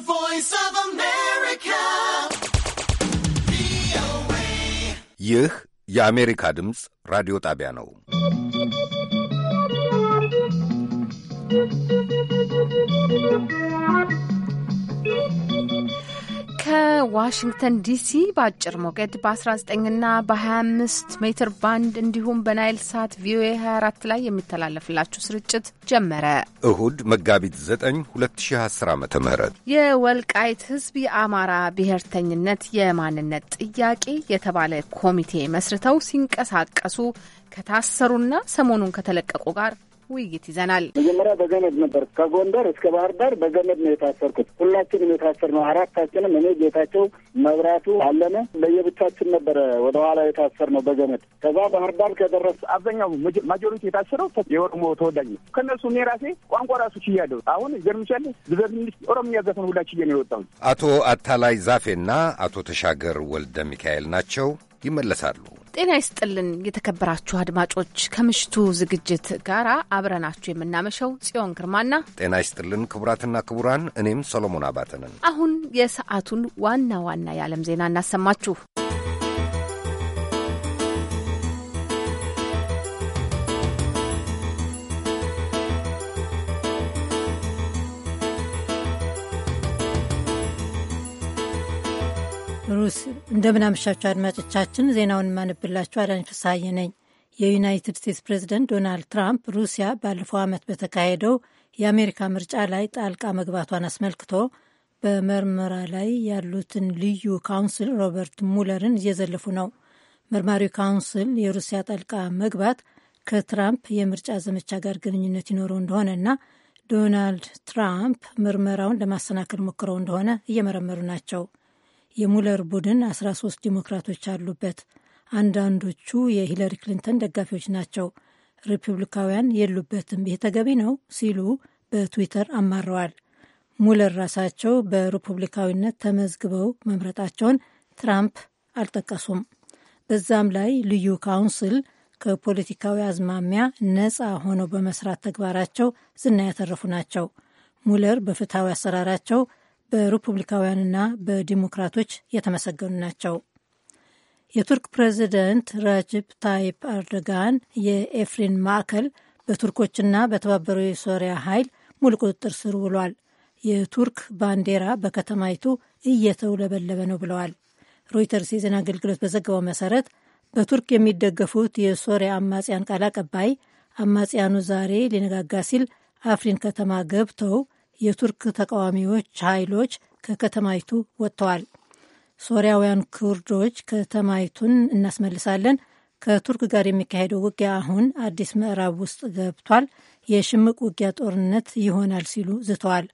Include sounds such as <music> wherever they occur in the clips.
The voice of America. ይህ የአሜሪካ ድምፅ ራዲዮ radio tabiano. Thank you. ከዋሽንግተን ዲሲ በአጭር ሞገድ በ19ና በ25 ሜትር ባንድ እንዲሁም በናይል ሳት ቪኦኤ 24 ላይ የሚተላለፍላችሁ ስርጭት ጀመረ። እሁድ መጋቢት 9 2010 ዓ ም የወልቃይት ሕዝብ የአማራ ብሔርተኝነት የማንነት ጥያቄ የተባለ ኮሚቴ መስርተው ሲንቀሳቀሱ ከታሰሩና ሰሞኑን ከተለቀቁ ጋር ውይይት ይዘናል። መጀመሪያ በገመድ ነበር ከጎንደር እስከ ባህር ዳር በገመድ ነው የታሰርኩት። ሁላችንም የታሰር ነው አራታችንም፣ እኔ ጌታቸው፣ መብራቱ፣ አለነ ለየብቻችን ነበረ ወደኋላ የታሰር ነው በገመድ። ከዛ ባህር ዳር ከደረስ አብዛኛው ማጆሪቲ የታሰረው የኦሮሞ ተወላጅ ነው። ከነሱ እኔ ራሴ ቋንቋ ራሱ ችያለሁ። አሁን ይገርምሻል ዘፍን ኦሮምኛ ዘፈን ሁላ ችዬ ነው የወጣሁት። አቶ አታላይ ዛፌና አቶ ተሻገር ወልደ ሚካኤል ናቸው። ይመለሳሉ። ጤና ይስጥልን የተከበራችሁ አድማጮች፣ ከምሽቱ ዝግጅት ጋር አብረናችሁ የምናመሸው ጽዮን ግርማና ጤና ይስጥልን ክቡራትና ክቡራን፣ እኔም ሰሎሞን አባተ አሁን የሰዓቱን ዋና ዋና የዓለም ዜና እናሰማችሁ። ሩስ እንደምናመሻቸው አድማጮቻችን፣ ዜናውን የማነብላችሁ አዳኝ ፍስሐዬ ነኝ። የዩናይትድ ስቴትስ ፕሬዚደንት ዶናልድ ትራምፕ ሩሲያ ባለፈው ዓመት በተካሄደው የአሜሪካ ምርጫ ላይ ጣልቃ መግባቷን አስመልክቶ በምርመራ ላይ ያሉትን ልዩ ካውንስል ሮበርት ሙለርን እየዘለፉ ነው። መርማሪው ካውንስል የሩሲያ ጣልቃ መግባት ከትራምፕ የምርጫ ዘመቻ ጋር ግንኙነት ይኖረው እንደሆነና ዶናልድ ትራምፕ ምርመራውን ለማሰናከል ሞክረው እንደሆነ እየመረመሩ ናቸው። የሙለር ቡድን 13 ዲሞክራቶች አሉበት። አንዳንዶቹ የሂለሪ ክሊንተን ደጋፊዎች ናቸው። ሪፑብሊካውያን የሉበትም። ይህ ተገቢ ነው ሲሉ በትዊተር አማረዋል። ሙለር ራሳቸው በሪፑብሊካዊነት ተመዝግበው መምረጣቸውን ትራምፕ አልጠቀሱም። በዛም ላይ ልዩ ካውንስል ከፖለቲካዊ አዝማሚያ ነፃ ሆነው በመስራት ተግባራቸው ዝና ያተረፉ ናቸው። ሙለር በፍትሐዊ አሰራራቸው በሪፑብሊካውያንና በዲሞክራቶች የተመሰገኑ ናቸው። የቱርክ ፕሬዚደንት ራጅብ ታይፕ አርዶጋን የኤፍሪን ማዕከል በቱርኮችና በተባበሩ የሶሪያ ኃይል ሙሉ ቁጥጥር ስር ውሏል፣ የቱርክ ባንዲራ በከተማይቱ እየተውለበለበ ነው ብለዋል። ሮይተርስ የዜና አገልግሎት በዘገበው መሰረት በቱርክ የሚደገፉት የሶሪያ አማጽያን ቃል አቀባይ አማጽያኑ ዛሬ ሊነጋጋ ሲል አፍሪን ከተማ ገብተው የቱርክ ተቃዋሚዎች ኃይሎች ከከተማይቱ ወጥተዋል። ሶሪያውያን ኩርዶች ከተማይቱን እናስመልሳለን፣ ከቱርክ ጋር የሚካሄደው ውጊያ አሁን አዲስ ምዕራብ ውስጥ ገብቷል፣ የሽምቅ ውጊያ ጦርነት ይሆናል ሲሉ ዝተዋል።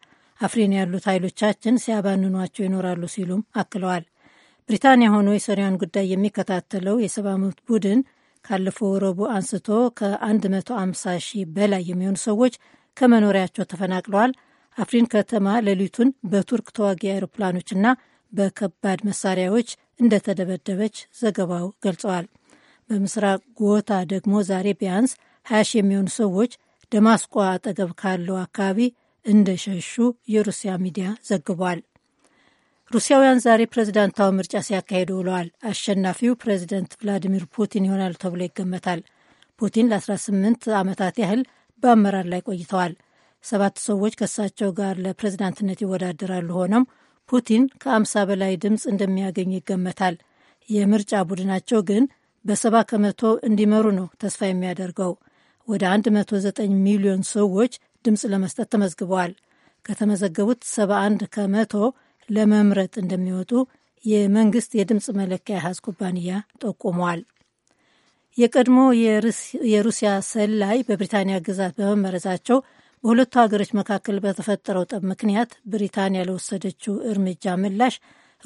አፍሪን ያሉት ኃይሎቻችን ሲያባንኗቸው ይኖራሉ ሲሉም አክለዋል። ብሪታንያ ሆኖ የሶሪያን ጉዳይ የሚከታተለው የሰብአዊ መብት ቡድን ካለፈው ረቡዕ አንስቶ ከ150 ሺህ በላይ የሚሆኑ ሰዎች ከመኖሪያቸው ተፈናቅለዋል አፍሪን ከተማ ሌሊቱን በቱርክ ተዋጊ አውሮፕላኖችና በከባድ መሳሪያዎች እንደተደበደበች ዘገባው ገልጸዋል። በምስራቅ ጎታ ደግሞ ዛሬ ቢያንስ 20 የሚሆኑ ሰዎች ደማስቆ አጠገብ ካለው አካባቢ እንደሸሹ የሩሲያ ሚዲያ ዘግቧል። ሩሲያውያን ዛሬ ፕሬዝዳንታዊ ምርጫ ሲያካሄዱ ውለዋል። አሸናፊው ፕሬዝደንት ቭላዲሚር ፑቲን ይሆናሉ ተብሎ ይገመታል። ፑቲን ለ18 ዓመታት ያህል በአመራር ላይ ቆይተዋል። ሰባት ሰዎች ከእሳቸው ጋር ለፕሬዝዳንትነት ይወዳደራሉ። ሆኖም ፑቲን ከአምሳ በላይ ድምፅ እንደሚያገኙ ይገመታል። የምርጫ ቡድናቸው ግን በሰባ ከመቶ እንዲመሩ ነው ተስፋ የሚያደርገው። ወደ 109 ሚሊዮን ሰዎች ድምፅ ለመስጠት ተመዝግበዋል። ከተመዘገቡት 71 ከመቶ ለመምረጥ እንደሚወጡ የመንግስት የድምፅ መለኪያ ሀዝ ኩባንያ ጠቁሟል። የቀድሞ የሩሲያ ሰላይ በብሪታንያ ግዛት በመመረዛቸው በሁለቱ ሀገሮች መካከል በተፈጠረው ጠብ ምክንያት ብሪታንያ ለወሰደችው እርምጃ ምላሽ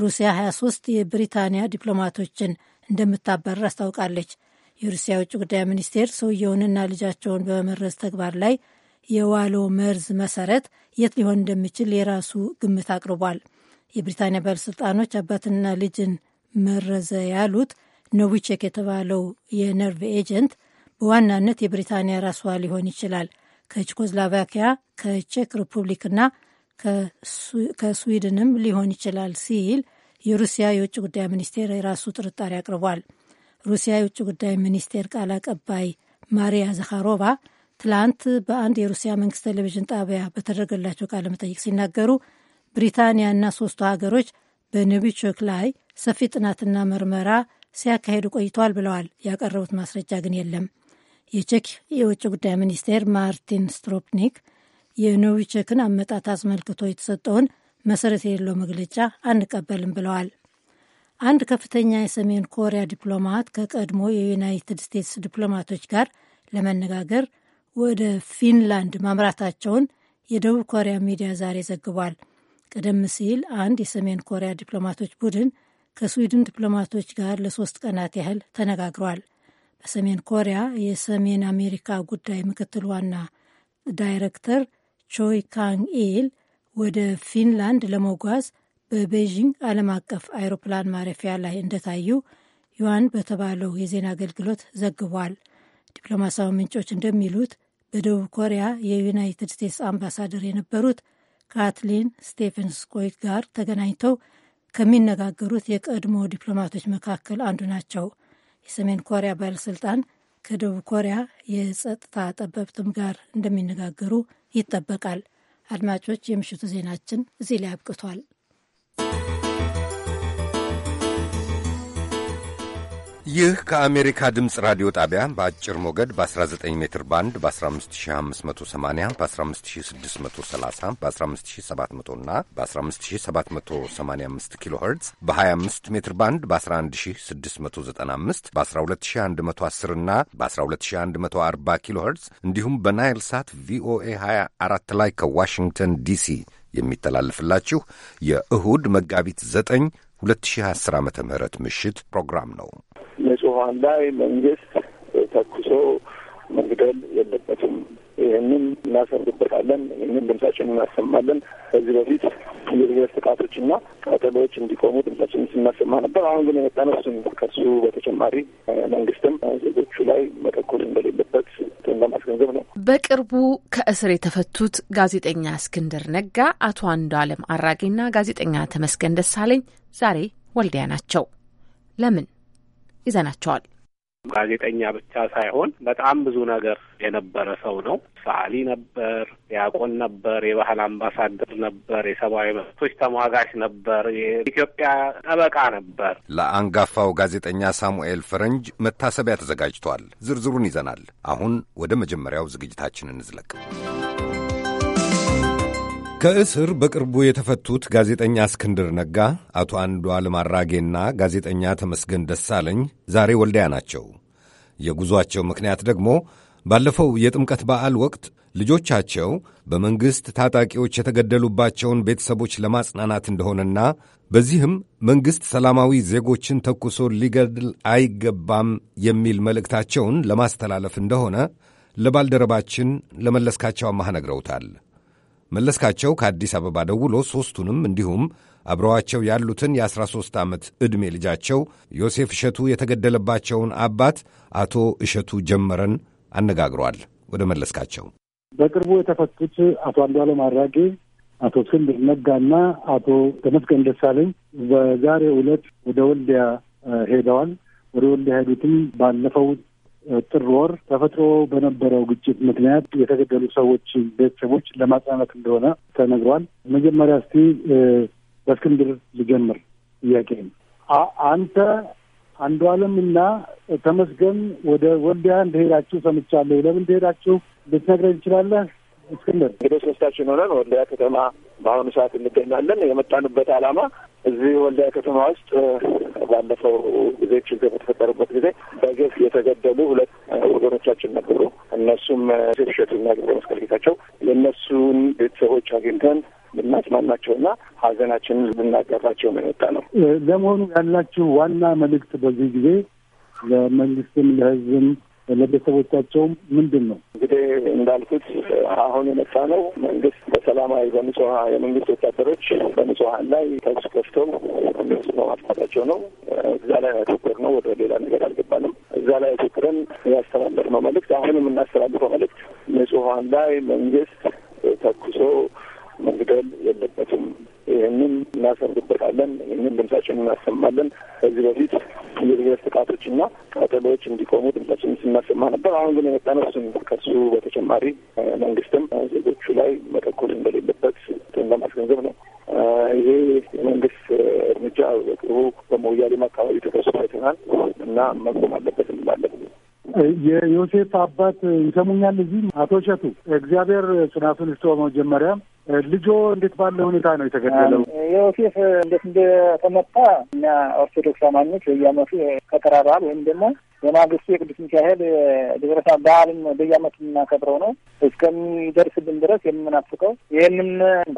ሩሲያ 23 የብሪታንያ ዲፕሎማቶችን እንደምታባረር አስታውቃለች። የሩሲያ ውጭ ጉዳይ ሚኒስቴር ሰውየውንና ልጃቸውን በመመረዝ ተግባር ላይ የዋለው መርዝ መሰረት የት ሊሆን እንደሚችል የራሱ ግምት አቅርቧል። የብሪታንያ ባለሥልጣኖች አባትና ልጅን መረዘ ያሉት ኖቪቼክ የተባለው የነርቭ ኤጀንት በዋናነት የብሪታንያ ራሷ ሊሆን ይችላል ከቼኮስሎቫኪያ፣ ከቼክ ሪፑብሊክና ከስዊድንም ሊሆን ይችላል ሲል የሩሲያ የውጭ ጉዳይ ሚኒስቴር የራሱ ጥርጣሬ አቅርቧል። ሩሲያ የውጭ ጉዳይ ሚኒስቴር ቃል አቀባይ ማሪያ ዘካሮቫ ትላንት በአንድ የሩሲያ መንግስት ቴሌቪዥን ጣቢያ በተደረገላቸው ቃለ መጠይቅ ሲናገሩ ብሪታንያና ሶስቱ ሀገሮች በኖቪቾክ ላይ ሰፊ ጥናትና ምርመራ ሲያካሄዱ ቆይተዋል ብለዋል። ያቀረቡት ማስረጃ ግን የለም። የቼክ የውጭ ጉዳይ ሚኒስቴር ማርቲን ስትሮፕኒክ ቼክን አመጣት አስመልክቶ የተሰጠውን መሰረት የሌለው መግለጫ አንቀበልም ብለዋል። አንድ ከፍተኛ የሰሜን ኮሪያ ዲፕሎማት ከቀድሞ የዩናይትድ ስቴትስ ዲፕሎማቶች ጋር ለመነጋገር ወደ ፊንላንድ ማምራታቸውን የደቡብ ኮሪያ ሚዲያ ዛሬ ዘግቧል። ቀደም ሲል አንድ የሰሜን ኮሪያ ዲፕሎማቶች ቡድን ከስዊድን ዲፕሎማቶች ጋር ለሶስት ቀናት ያህል ተነጋግሯል። በሰሜን ኮሪያ የሰሜን አሜሪካ ጉዳይ ምክትል ዋና ዳይሬክተር ቾይ ካንግ ኢል ወደ ፊንላንድ ለመጓዝ በቤይዥንግ ዓለም አቀፍ አይሮፕላን ማረፊያ ላይ እንደታዩ ዩዋን በተባለው የዜና አገልግሎት ዘግቧል። ዲፕሎማሲያዊ ምንጮች እንደሚሉት በደቡብ ኮሪያ የዩናይትድ ስቴትስ አምባሳደር የነበሩት ካትሊን ስቴፈንስ ኮይት ጋር ተገናኝተው ከሚነጋገሩት የቀድሞ ዲፕሎማቶች መካከል አንዱ ናቸው። የሰሜን ኮሪያ ባለስልጣን ከደቡብ ኮሪያ የጸጥታ ጠበብትም ጋር እንደሚነጋገሩ ይጠበቃል። አድማጮች፣ የምሽቱ ዜናችን እዚህ ላይ አብቅቷል። ይህ ከአሜሪካ ድምፅ ራዲዮ ጣቢያ በአጭር ሞገድ በ19 ሜትር ባንድ በ15580 በ15630 በ15700 እና በ15785 ኪሎ ኸርትዝ በ25 ሜትር ባንድ በ11695 በ12110 እና በ12140 ኪሎ ኸርትዝ እንዲሁም በናይል ሳት ቪኦኤ 24 ላይ ከዋሽንግተን ዲሲ የሚተላለፍላችሁ የእሁድ መጋቢት 9 2010 ዓ ም ምሽት ፕሮግራም ነው። ንጹሐን ላይ መንግስት ተኩሶ መግደል የለበትም ይህንን እናሰምርበታለን። ይህንን ድምጻችን እናሰማለን። ከዚህ በፊት የብሔር ጥቃቶችና ቀጠሎዎች እንዲቆሙ ድምጻችን ስናሰማ ነበር። አሁን ግን የመጣ ነው እሱን ከሱ በተጨማሪ መንግስትም ዜጎቹ ላይ መተኮር እንደሌለበት ለማስገንዘብ ነው። በቅርቡ ከእስር የተፈቱት ጋዜጠኛ እስክንድር ነጋ፣ አቶ አንዱዓለም አራጌና ጋዜጠኛ ተመስገን ደሳለኝ ዛሬ ወልዲያ ናቸው። ለምን ይዘናቸዋል? ጋዜጠኛ ብቻ ሳይሆን በጣም ብዙ ነገር የነበረ ሰው ነው። ሰዓሊ ነበር፣ ዲያቆን ነበር፣ የባህል አምባሳደር ነበር፣ የሰብአዊ መብቶች ተሟጋች ነበር፣ የኢትዮጵያ ጠበቃ ነበር። ለአንጋፋው ጋዜጠኛ ሳሙኤል ፈረንጅ መታሰቢያ ተዘጋጅቷል። ዝርዝሩን ይዘናል። አሁን ወደ መጀመሪያው ዝግጅታችን እንዝለቅ። ከእስር በቅርቡ የተፈቱት ጋዜጠኛ እስክንድር ነጋ፣ አቶ አንዱዓለም አራጌና ጋዜጠኛ ተመስገን ደሳለኝ ዛሬ ወልዲያ ናቸው። የጉዟቸው ምክንያት ደግሞ ባለፈው የጥምቀት በዓል ወቅት ልጆቻቸው በመንግሥት ታጣቂዎች የተገደሉባቸውን ቤተሰቦች ለማጽናናት እንደሆነና በዚህም መንግሥት ሰላማዊ ዜጎችን ተኩሶ ሊገድል አይገባም የሚል መልእክታቸውን ለማስተላለፍ እንደሆነ ለባልደረባችን ለመለስካቸው አማህ ነግረውታል። መለስካቸው ከአዲስ አበባ ደውሎ ሦስቱንም እንዲሁም አብረዋቸው ያሉትን የ13 ዓመት ዕድሜ ልጃቸው ዮሴፍ እሸቱ የተገደለባቸውን አባት አቶ እሸቱ ጀመረን አነጋግሯል። ወደ መለስካቸው በቅርቡ የተፈቱት አቶ አንዱዓለም አራጌ፣ አቶ እስክንድር ነጋና አቶ ተመስገን ደሳለኝ በዛሬ ዕለት ወደ ወልዲያ ሄደዋል። ወደ ወልዲያ ሄዱትም ባለፈው ጥር ወር ተፈጥሮ በነበረው ግጭት ምክንያት የተገደሉ ሰዎች ቤተሰቦች ለማጽናናት እንደሆነ ተነግሯል። መጀመሪያ እስቲ በእስክንድር ልጀምር። ጥያቄ አንተ አንዱ እና ተመስገን ወደ ወልዲያ እንደሄዳችሁ ሰምቻለሁ። ለምን እንደሄዳችሁ ልትነግረን ይችላለህ? እስክንድር እንግዲህ ሶስታችን ሆነን ወልዲያ ከተማ በአሁኑ ሰዓት እንገኛለን። የመጣንበት አላማ። እዚህ ወልዲያ ከተማ ውስጥ ባለፈው ጊዜ ችግር በተፈጠሩበት ጊዜ በግፍ የተገደሉ ሁለት ወገኖቻችን ነበሩ። እነሱም ሴት እሸቱና ግብረ መስቀል ጌታቸው የእነሱን ቤተሰቦች አግኝተን ልናጽናናቸውና ሀዘናችንን ልናጋራቸው ነው የወጣ ነው። ለመሆኑ ያላችሁ ዋና መልእክት በዚህ ጊዜ ለመንግስትም ለህዝብም ለቤተሰቦቻቸውም ምንድን ነው እንግዲህ እንዳልኩት አሁን የመጣ ነው መንግስት በሰላማዊ በንጹሀ የመንግስት ወታደሮች በንጹሀን ላይ ተኩስ ከፍተው መንግስት በማጥፋታቸው ነው። እዛ ላይ ያተኮር ነው። ወደ ሌላ ነገር አልገባንም። እዛ ላይ ያተኩረን ነው መልእክት አሁንም የምናስተላልፈው መልእክት ንጹሀን ላይ መንግስት ተኩሶ መግደል የለበትም። ይህንን እናሰርግበታለን፣ ይህንን ድምጻችን እናሰማለን። ከዚህ በፊት የብሔር ጥቃቶችና ቀጠሎዎች እንዲቆሙ ድምጻችን ስናሰማ ነበር። አሁን ግን የመጣነው እሱን ከሱ በተጨማሪ መንግስትም ዜጎቹ ላይ መተኮር እንደሌለበት ለማስገንዘብ ነው። ይሄ የመንግስት እርምጃ በቅርቡ በሞያሌም አካባቢ ተከሶ አይተናል እና መቆም አለበት እንላለን። የዮሴፍ አባት ይሰሙኛል? እዚህ አቶ እሸቱ እግዚአብሔር ጽናቱን ይስጠው። መጀመሪያ ልጆ እንዴት ባለ ሁኔታ ነው የተገደለው? ዮሴፍ እንዴት እንደተመጣ እኛ ኦርቶዶክስ አማኞች በየዓመቱ ከተራ በዓል ወይም ደግሞ በማግስቱ የቅዱስ ሚካኤል ደብረታ በዓልን በየዓመቱ የምናከብረው ነው። እስከሚደርስብን ድረስ የምናፍቀው ይህንን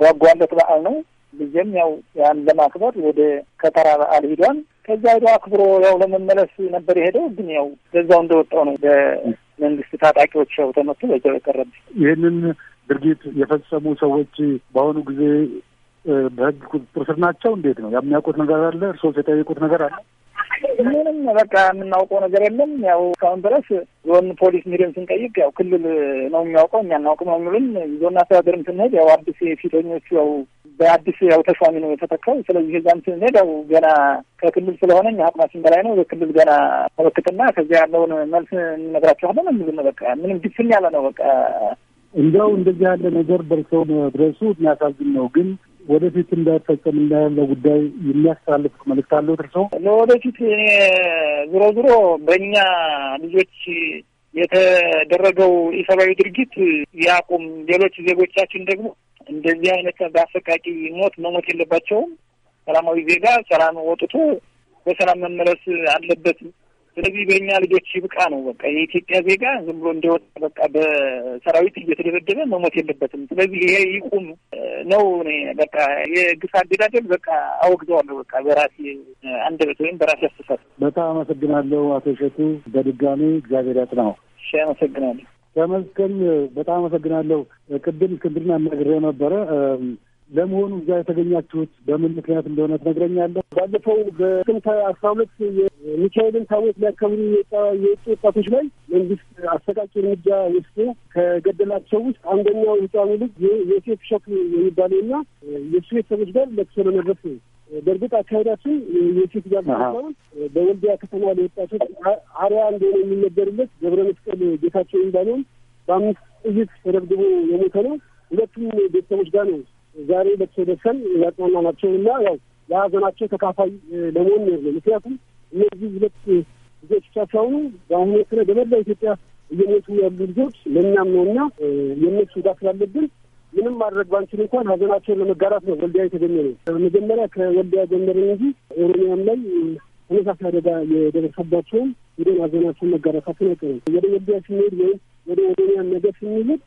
ጓጓለት በዓል ነው። ልጄም ያው ያን ለማክበር ወደ ከተራ በዓል ሂዷን። ከዛ ሂዶ አክብሮ ያው ለመመለስ ነበር የሄደው። ግን ያው በዛው እንደወጣው ነው በመንግስት ታጣቂዎች ያው ተመቶ በዚያው የቀረብ። ይህንን ድርጊት የፈጸሙ ሰዎች በአሁኑ ጊዜ በህግ ቁጥጥር ስር ናቸው። እንዴት ነው የሚያውቁት ነገር አለ? እርሶስ የጠየቁት ነገር አለ? ምንም በቃ የምናውቀው ነገር የለም። ያው እስካሁን ድረስ ዞን ፖሊስ ሚድን ስንጠይቅ ያው ክልል ነው የሚያውቀው፣ የሚያናውቅ ነው የሚሉን። ዞን አስተዳደርም ስንሄድ ያው አዲስ የፊተኞቹ ያው በአዲስ ያው ተሿሚ ነው የተተካው። ስለዚህ እዛም ስንሄድ ያው ገና ከክልል ስለሆነ አቅማችን በላይ ነው። በክልል ገና ተበክትና ከዚያ ያለውን መልስ እንነግራቸዋለን የሚሉ ነው። በቃ ምንም ግፍን ያለ ነው። በቃ እንደው እንደዚህ ያለ ነገር ደርሰው መድረሱ የሚያሳዝን ነው ግን ወደፊት እንዳይፈጸም እንዳያለ ጉዳይ የሚያስተላልፍ መልዕክት አለው እርሶ? ለወደፊት ዞሮ ዞሮ በእኛ ልጆች የተደረገው ኢሰብአዊ ድርጊት ያቁም። ሌሎች ዜጎቻችን ደግሞ እንደዚህ አይነት በአሰቃቂ ሞት መሞት የለባቸውም። ሰላማዊ ዜጋ ሰላም ወጥቶ በሰላም መመለስ አለበት። ስለዚህ በእኛ ልጆች ይብቃ ነው በቃ። የኢትዮጵያ ዜጋ ዝም ብሎ እንደወጣ በቃ በሰራዊት እየተደበደበ መሞት የለበትም። ስለዚህ ይሄ ይቁም ነው። እኔ በቃ የግፍ አገዳደል በቃ አወግዘዋለሁ። በቃ በራሴ አንደበት ወይም በራሴ አስተሳሰብ። በጣም አመሰግናለሁ አቶ እሸቱ። በድጋሚ እግዚአብሔር ያጽናው። እሺ አመሰግናለሁ። ተመስገን በጣም አመሰግናለሁ። ቅድም እስክንድርን አናግሬው ነበረ። ለመሆኑ እዛ የተገኛችሁት በምን ምክንያት እንደሆነ ትነግረኛለህ? ባለፈው በጥቅምት አስራ ሁለት ሚካኤልን ታቦት ሊያከብሩ የወጡ ወጣቶች ላይ መንግስት አሰቃቂ እርምጃ ወስዶ ከገደላቸው ውስጥ አንደኛው ህፃኑ ልጅ የሴት ሸክ የሚባለውና የእሱ ቤተሰቦች ጋር ለቅሶ ለመድረስ በእርግጥ አካሄዳችን የሴት ጋር ሳይሆን በወልዲያ ከተማ ለወጣቶች አርያ እንደሆነ የሚነገርለት ገብረ መስቀል ጌታቸው የሚባለውን በአምስት ጥይት ተደብድቦ የሞተ ነው። ሁለቱም ቤተሰቦች ጋር ነው ዛሬ ለቅሶ ደርሰን ያጽናና ናቸው እና ያው ለሀዘናቸው ተካፋይ ለመሆን ነው። ምክንያቱም እነዚህ ሁለት ልጆች ብቻ ሳይሆኑ በአሁኑ ወቅት በመላ ኢትዮጵያ እየሞቱ ያሉ ልጆች ለእኛም ነው እና የእነሱ ጋር ስላለብን ምንም ማድረግ ባንችል እንኳን ሀዘናቸውን ለመጋራት ነው ወልዲያ የተገኘ ነው። መጀመሪያ ከወልዲያ ጀመረ እንጂ ኦሮሚያም ላይ ተመሳሳይ አደጋ የደረሰባቸውም ወደ ሀዘናቸውን መጋራታችን አይቀርም። ወደ ወልዲያ ስንሄድ ወይም ወደ ኦሮሚያ ነገር ስንሄድ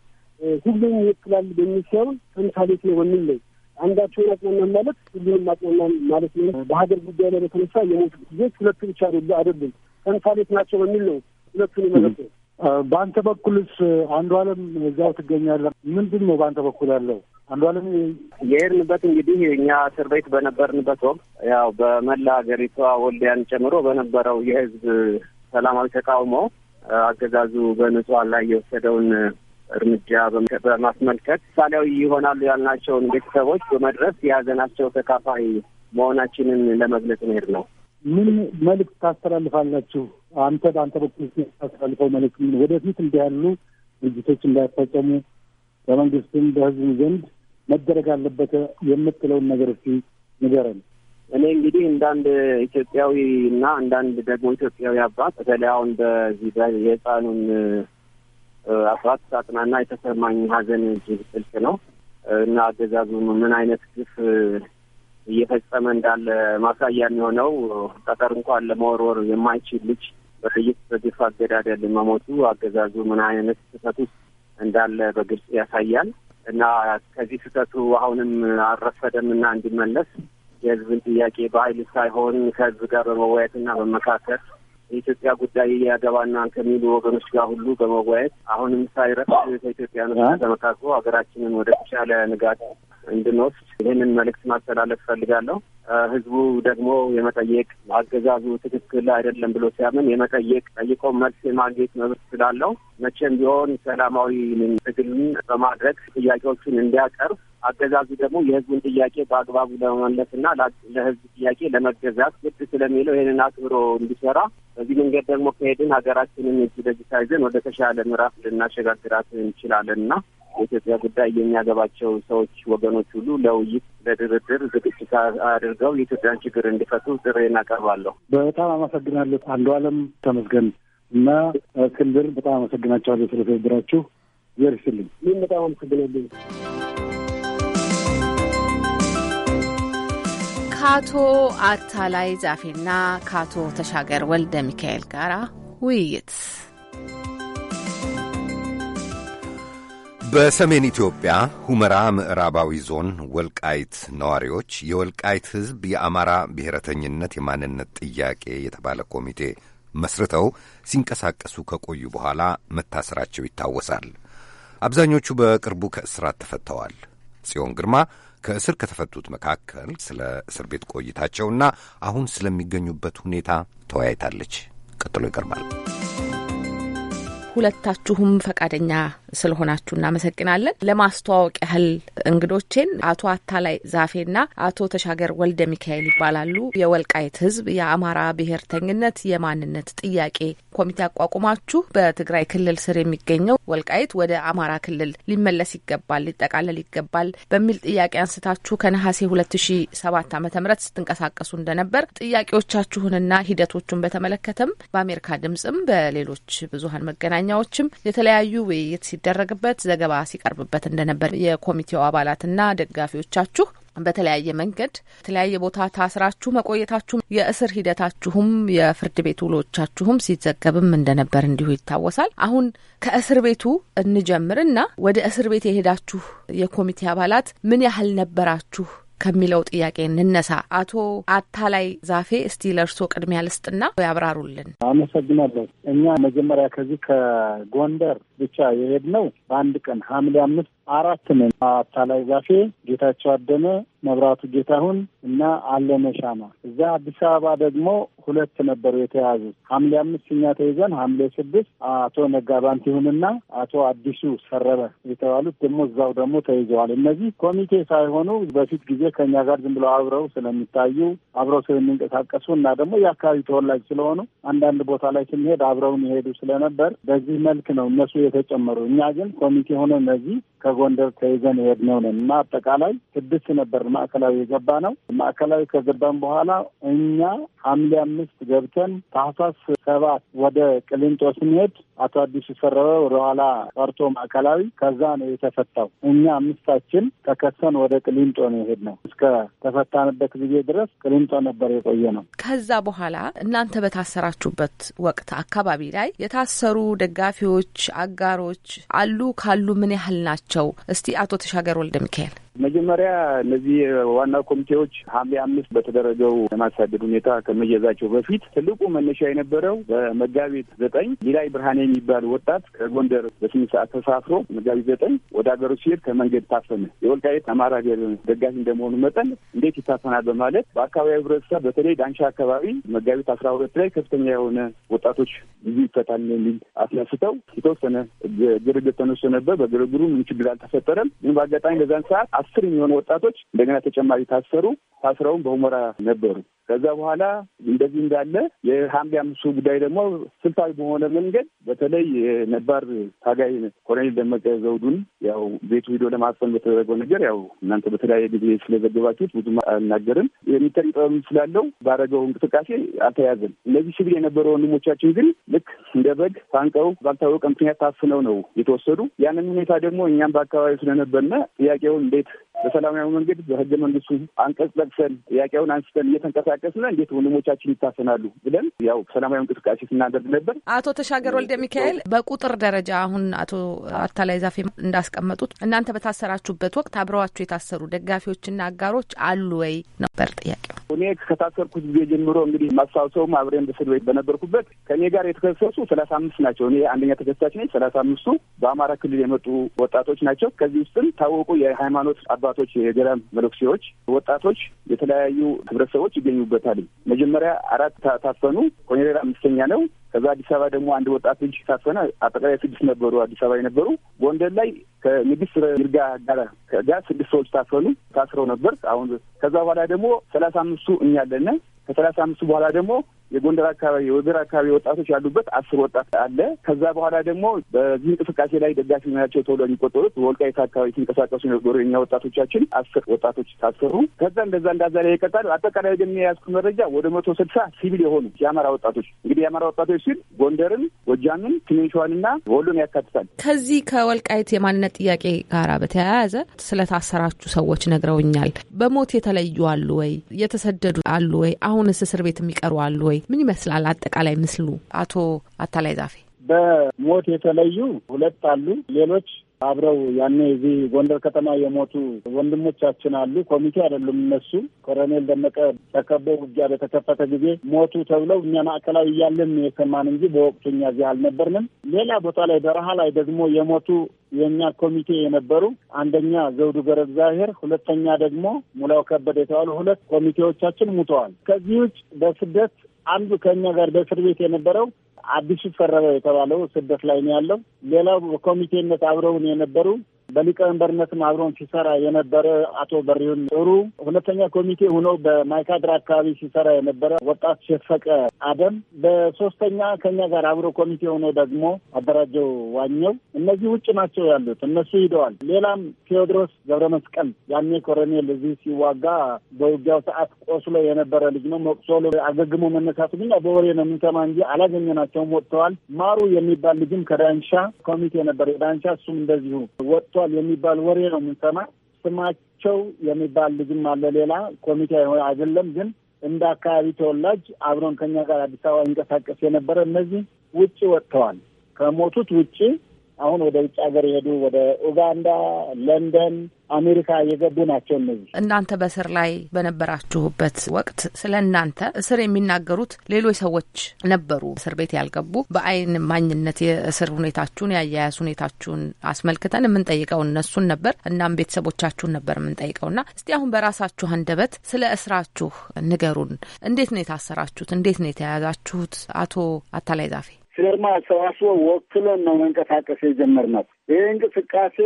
ሁሉም ይወክላል በሚሰሩ ተምሳሌት ነው በሚል ነው አንዳቸውን አጽናናን ማለት ሁሉንም አጽናናን ማለት ነው። በሀገር ጉዳይ ላይ በተነሳ የሞት ጊዜ ሁለቱ ብቻ አይደሉም፣ ተምሳሌት ናቸው በሚል ነው ሁለቱን የመረጡ በአንተ በኩልስ አንዱ አለም እዚያው ትገኛለህ። ምንድን ነው በአንተ በኩል ያለው? አንዱ አለም የሄድንበት እንግዲህ እኛ እስር ቤት በነበርንበት ወቅት ያው በመላ ሀገሪቷ ወልዲያን ጨምሮ በነበረው የህዝብ ሰላማዊ ተቃውሞ አገዛዙ በንጹሐን ላይ የወሰደውን እርምጃ በማስመልከት ምሳሌያዊ ይሆናሉ ያልናቸውን ቤተሰቦች በመድረስ የሀዘናቸው ተካፋይ መሆናችንን ለመግለጽ መሄድ ነው። ምን መልእክት ታስተላልፋላችሁ? አንተ በአንተ በኩል ታስተላልፈው መልእክት ምን? ወደፊት እንዲህ ያሉ ድርጅቶች እንዳይፈጸሙ በመንግስትም በህዝቡ ዘንድ መደረግ አለበት የምትለውን ነገር እስኪ ንገረን። እኔ እንግዲህ እንዳንድ ኢትዮጵያዊ እና አንዳንድ ደግሞ ኢትዮጵያዊ አባት በተለይ አሁን በዚህ የህፃኑን አባት ሳጥናና የተሰማኝ ሀዘን እጅግ ጥልቅ ነው እና አገዛዙ ምን አይነት ግፍ እየፈጸመ እንዳለ ማሳያ የሚሆነው ጠጠር እንኳን ለመወርወር የማይችል ልጅ በጥይት በግፍ አገዳደል መሞቱ አገዛዙ ምን አይነት ስህተት ውስጥ እንዳለ በግልጽ ያሳያል እና ከዚህ ስህተቱ አሁንም አልረፈደም እና እንዲመለስ የህዝብን ጥያቄ በኃይል ሳይሆን ከህዝብ ጋር በመወያየትና በመካከል የኢትዮጵያ ጉዳይ ያገባናል ከሚሉ ወገኖች ጋር ሁሉ በመወያየት አሁንም ሳይረፍ ከኢትዮጵያ ንስ ተመካክሮ ሀገራችንን ወደ ተሻለ ንጋት እንድንወስድ ይህንን መልእክት ማስተላለፍ ፈልጋለሁ። ህዝቡ ደግሞ የመጠየቅ አገዛዙ ትክክል አይደለም ብሎ ሲያምን የመጠየቅ ጠይቆ መልስ የማግኘት መብት ስላለው መቼም ቢሆን ሰላማዊ ትግልን በማድረግ ጥያቄዎቹን እንዲያቀርብ አገዛዙ ደግሞ የህዝቡን ጥያቄ በአግባቡ ለመመለስና ለህዝብ ጥያቄ ለመገዛት ግድ ስለሚለው ይህንን አክብሮ እንዲሰራ በዚህ መንገድ ደግሞ ከሄድን ሀገራችንን እጅ ለእጅ ሳይዘን ወደ ተሻለ ምዕራፍ ልናሸጋግራት እንችላለን እና የኢትዮጵያ ጉዳይ የሚያገባቸው ሰዎች፣ ወገኖች ሁሉ ለውይይት ለድርድር ዝግጅት አድርገው የኢትዮጵያን ችግር እንዲፈቱ ጥሪ እናቀርባለሁ። በጣም አመሰግናለሁ። አንዱ አለም ተመስገን እና እስክንድር በጣም አመሰግናቸዋለሁ ስለ ትብብራችሁ። ዘር ይህም በጣም አመሰግናለሁ። ከአቶ አታላይ ዛፌና ከአቶ ተሻገር ወልደ ሚካኤል ጋራ ውይይት በሰሜን ኢትዮጵያ ሁመራ ምዕራባዊ ዞን ወልቃይት ነዋሪዎች የወልቃይት ሕዝብ የአማራ ብሔረተኝነት የማንነት ጥያቄ የተባለ ኮሚቴ መስርተው ሲንቀሳቀሱ ከቆዩ በኋላ መታሰራቸው ይታወሳል። አብዛኞቹ በቅርቡ ከእስራት ተፈተዋል። ጽዮን ግርማ ከእስር ከተፈቱት መካከል ስለ እስር ቤት ቆይታቸውና አሁን ስለሚገኙበት ሁኔታ ተወያይታለች። ቀጥሎ ይቀርባል። ሁለታችሁም ፈቃደኛ ስለሆናችሁ እናመሰግናለን። ለማስተዋወቅ ያህል እንግዶቼን አቶ አታላይ ዛፌና አቶ ተሻገር ወልደ ሚካኤል ይባላሉ። የወልቃይት ሕዝብ የአማራ ብሔርተኝነት የማንነት ጥያቄ ኮሚቴ አቋቁማችሁ በትግራይ ክልል ስር የሚገኘው ወልቃይት ወደ አማራ ክልል ሊመለስ ይገባል፣ ሊጠቃለል ይገባል በሚል ጥያቄ አንስታችሁ ከነሐሴ 2007 ዓ.ም ስትንቀሳቀሱ እንደነበር ጥያቄዎቻችሁንና ሂደቶቹን በተመለከተም በአሜሪካ ድምጽም በሌሎች ብዙሀን መገናኛ ዳኛዎችም የተለያዩ ውይይት ሲደረግበት ዘገባ ሲቀርብበት እንደነበር የኮሚቴው አባላትና ደጋፊዎቻችሁ በተለያየ መንገድ የተለያየ ቦታ ታስራችሁ መቆየታችሁም የእስር ሂደታችሁም የፍርድ ቤት ውሎቻችሁም ሲዘገብም እንደነበር እንዲሁ ይታወሳል። አሁን ከእስር ቤቱ እንጀምርና ወደ እስር ቤት የሄዳችሁ የኮሚቴ አባላት ምን ያህል ነበራችሁ? ከሚለው ጥያቄ እንነሳ። አቶ አታላይ ዛፌ እስቲ ለእርሶ ቅድሚያ ልስጥና ያብራሩልን። አመሰግናለሁ። እኛ መጀመሪያ ከዚህ ከጎንደር ብቻ የሄድነው በአንድ ቀን ሐምሌ አምስት አራት ነን። አታላይ ዛፌ፣ ጌታቸው አደመ፣ መብራቱ ጌታሁን እና አለነ ሻማ። እዛ አዲስ አበባ ደግሞ ሁለት ነበሩ የተያዙት። ሐምሌ አምስት እኛ ተይዘን ሐምሌ ስድስት አቶ ነጋባንት ይሁንና አቶ አዲሱ ሰረበ የተባሉት ደግሞ እዛው ደግሞ ተይዘዋል። እነዚህ ኮሚቴ ሳይሆኑ በፊት ጊዜ ከእኛ ጋር ዝም ብለው አብረው ስለሚታዩ አብረው ስለሚንቀሳቀሱ እና ደግሞ የአካባቢ ተወላጅ ስለሆኑ አንዳንድ ቦታ ላይ ስንሄድ አብረውን የሄዱ ስለነበር በዚህ መልክ ነው እነሱ የተጨመሩ እኛ ግን ኮሚቴ ሆኖ እነዚህ ከጎንደር ተይዘን የሄድነው ነን እና አጠቃላይ ስድስት ነበር ማዕከላዊ የገባ ነው። ማዕከላዊ ከገባን በኋላ እኛ ሐምሌ አምስት ገብተን ታህሳስ ሰባት ወደ ቅሊንጦ ስንሄድ አቶ አዲሱ ሰረበ ወደኋላ ቀርቶ ማዕከላዊ ከዛ ነው የተፈታው። እኛ አምስታችን ተከሰን ወደ ቅሊንጦ ነው የሄድነው። እስከ ተፈታንበት ጊዜ ድረስ ቅሊንጦ ነበር የቆየ ነው። ከዛ በኋላ እናንተ በታሰራችሁበት ወቅት አካባቢ ላይ የታሰሩ ደጋፊዎች አጋሮች አሉ ካሉ ምን ያህል ናቸው? እስቲ አቶ ተሻገር ወልደ ሚካኤል መጀመሪያ እነዚህ ዋና ኮሚቴዎች ሐምሌ አምስት በተደረገው የማሳደድ ሁኔታ ከመያዛቸው በፊት ትልቁ መነሻ የነበረው በመጋቢት ዘጠኝ ሊላይ ብርሃኔ የሚባል ወጣት ከጎንደር በስምንት ሰዓት ተሳፍሮ መጋቢት ዘጠኝ ወደ ሀገሩ ሲሄድ ከመንገድ ታፈነ። የወልቃይት አማራ ብሔር ደጋፊ እንደመሆኑ መጠን እንዴት ይታፈናል በማለት በአካባቢ ህብረተሰብ፣ በተለይ ዳንሻ አካባቢ መጋቢት አስራ ሁለት ላይ ከፍተኛ የሆነ ወጣቶች ብዙ ይፈታል የሚል አስነስተው የተወሰነ ግርግር ተነስቶ ነበር። በግርግሩ ምን ችግር አልተፈጠረም። ግን በአጋጣሚ በዛን ሰዓት አስር የሚሆኑ ወጣቶች እንደገና ተጨማሪ ታሰሩ። ታስረውም በሁመራ ነበሩ። ከዛ በኋላ እንደዚህ እንዳለ የሐምሌ አምስቱ ጉዳይ ደግሞ ስልታዊ በሆነ መንገድ በተለይ የነባር ታጋይ ኮሎኔል ደመቀ ዘውዱን ያው ቤቱ ሂዶ ለማፈን በተደረገው ነገር ያው እናንተ በተለያየ ጊዜ ስለዘገባችሁት ብዙም አልናገርም። የሚታይ ጥበብ ስላለው ባረገው እንቅስቃሴ አልተያዘም። እነዚህ ሲቪል የነበረ ወንድሞቻችን ግን ልክ እንደ በግ ታንቀው ባልታወቀ ምክንያት ታፍነው ነው የተወሰዱ። ያንን ሁኔታ ደግሞ እኛም በአካባቢው ስለነበርና ጥያቄውን እንዴት በሰላማዊ መንገድ በህገ መንግስቱ አንቀጽ ጠቅሰን ጥያቄውን አንስተን እየተንቀሳ እንንቀሳቀስና እንዴት ወንድሞቻችን ይታሰናሉ ብለን ያው ሰላማዊ እንቅስቃሴ ስናደርግ ነበር። አቶ ተሻገር ወልደ ሚካኤል፣ በቁጥር ደረጃ አሁን አቶ አታላይ ዛፌ እንዳስቀመጡት እናንተ በታሰራችሁበት ወቅት አብረዋችሁ የታሰሩ ደጋፊዎችና አጋሮች አሉ ወይ ነበር ጥያቄው። እኔ ከታሰርኩት ጊዜ ጀምሮ እንግዲህ ማስታውሰውም አብሬን በስል ቤት በነበርኩበት ከእኔ ጋር የተከሰሱ ሰላሳ አምስት ናቸው። እኔ አንደኛ ተከሳች ነኝ። ሰላሳ አምስቱ በአማራ ክልል የመጡ ወጣቶች ናቸው። ከዚህ ውስጥም ታወቁ የሃይማኖት አባቶች፣ የገዳም መለኩሴዎች፣ ወጣቶች፣ የተለያዩ ህብረተሰቦች ይገኙ ይገኙበታል። መጀመሪያ አራት ታፈኑ። ኮኔሬል አምስተኛ ነው። ከዛ አዲስ አበባ ደግሞ አንድ ወጣት ልጅ ታፈነ። አጠቃላይ ስድስት ነበሩ አዲስ አበባ የነበሩ። ጎንደር ላይ ከንግስት ይርጋ ጋር ስድስት ሰዎች ታፈኑ፣ ታስረው ነበር። አሁን ከዛ በኋላ ደግሞ ሰላሳ አምስቱ እኛለነ ከሰላሳ አምስቱ በኋላ ደግሞ የጎንደር አካባቢ የወገር አካባቢ ወጣቶች ያሉበት አስር ወጣት አለ። ከዛ በኋላ ደግሞ በዚህ እንቅስቃሴ ላይ ደጋፊ ናቸው ተብሎ የሚቆጠሩት ወልቃይት አካባቢ ሲንቀሳቀሱ የነበሩ ወጣቶቻችን አስር ወጣቶች ታሰሩ። ከዛ እንደዛ እንዳዛ ላይ ይቀጣሉ። አጠቃላይ ግን የያዝኩ መረጃ ወደ መቶ ስልሳ ሲቪል የሆኑ የአማራ ወጣቶች እንግዲህ የአማራ ወጣቶች ሲል ጎንደርን፣ ጎጃምን፣ ሰሜን ሸዋንና ወሎን ያካትታል። ከዚህ ከወልቃይት የማንነት ጥያቄ ጋራ በተያያዘ ስለታሰራችሁ ሰዎች ነግረውኛል። በሞት የተለዩ አሉ ወይ? የተሰደዱ አሉ ወይ? አሁንስ እስር ቤት የሚቀሩ አሉ ወይ? ምን ይመስላል አጠቃላይ ምስሉ? አቶ አታላይ ዛፌ በሞት የተለዩ ሁለት አሉ። ሌሎች አብረው ያኔ እዚህ ጎንደር ከተማ የሞቱ ወንድሞቻችን አሉ። ኮሚቴ አይደሉም እነሱ። ኮሎኔል ደመቀ ተከበው ውጊያ በተከፈተ ጊዜ ሞቱ ተብለው እኛ ማዕከላዊ እያለን የሰማን እንጂ በወቅቱ እኛ እዚህ አልነበርንም። ሌላ ቦታ ላይ በረሃ ላይ ደግሞ የሞቱ የእኛ ኮሚቴ የነበሩ አንደኛ ዘውዱ ገብረ እግዚአብሔር፣ ሁለተኛ ደግሞ ሙላው ከበደ የተባሉ ሁለት ኮሚቴዎቻችን ሙተዋል። ከዚህ ውጭ በስደት አንዱ ከእኛ ጋር በእስር ቤት የነበረው አዲሱ ፈረበ የተባለው ስደት ላይ ነው ያለው። ሌላው በኮሚቴነት አብረውን የነበሩ በሊቀመንበርነትም አብረውን ሲሰራ የነበረ አቶ በሪሁን ጥሩ፣ ሁለተኛ ኮሚቴ ሆኖ በማይካድራ አካባቢ ሲሰራ የነበረ ወጣት ሸፈቀ አደም፣ በሶስተኛ ከኛ ጋር አብሮ ኮሚቴ ሆኖ ደግሞ አደራጀው ዋኘው። እነዚህ ውጭ ናቸው ያሉት፣ እነሱ ሂደዋል። ሌላም ቴዎድሮስ ገብረ መስቀል ያኔ ኮሎኔል እዚህ ሲዋጋ በውጊያው ሰዓት ቆስሎ የነበረ ልጅ ነው። መቁሰሉ አገግሞ መነሳቱ ግን በወሬ ነው የምንሰማ እንጂ አላገኘናቸውም፣ ወጥተዋል። ማሩ የሚባል ልጅም ከዳንሻ ኮሚቴ ነበር የዳንሻ እሱም እንደዚሁ ወጥ ወጥቷል የሚባል ወሬ ነው የምንሰማ። ስማቸው የሚባል ልጅም አለ ሌላ ኮሚቴ አይደለም ግን እንደ አካባቢ ተወላጅ አብረን ከኛ ጋር አዲስ አበባ ይንቀሳቀስ የነበረ እነዚህ ውጭ ወጥተዋል። ከሞቱት ውጭ አሁን ወደ ውጭ ሀገር የሄዱ ወደ ኡጋንዳ፣ ለንደን፣ አሜሪካ የገቡ ናቸው። እነዚህ እናንተ በእስር ላይ በነበራችሁበት ወቅት ስለ እናንተ እስር የሚናገሩት ሌሎች ሰዎች ነበሩ፣ እስር ቤት ያልገቡ። በአይን ማኝነት የእስር ሁኔታችሁን የአያያዝ ሁኔታችሁን አስመልክተን የምንጠይቀው እነሱን ነበር። እናም ቤተሰቦቻችሁን ነበር የምንጠይቀውና እስቲ አሁን በራሳችሁ አንደበት ስለ እስራችሁ ንገሩን። እንዴት ነው የታሰራችሁት? እንዴት ነው የተያያዛችሁት? አቶ አታላይ ዛፌ ፊርማ አሰባስቦ ወክለን ነው መንቀሳቀስ የጀመርናት። ይህ እንቅስቃሴ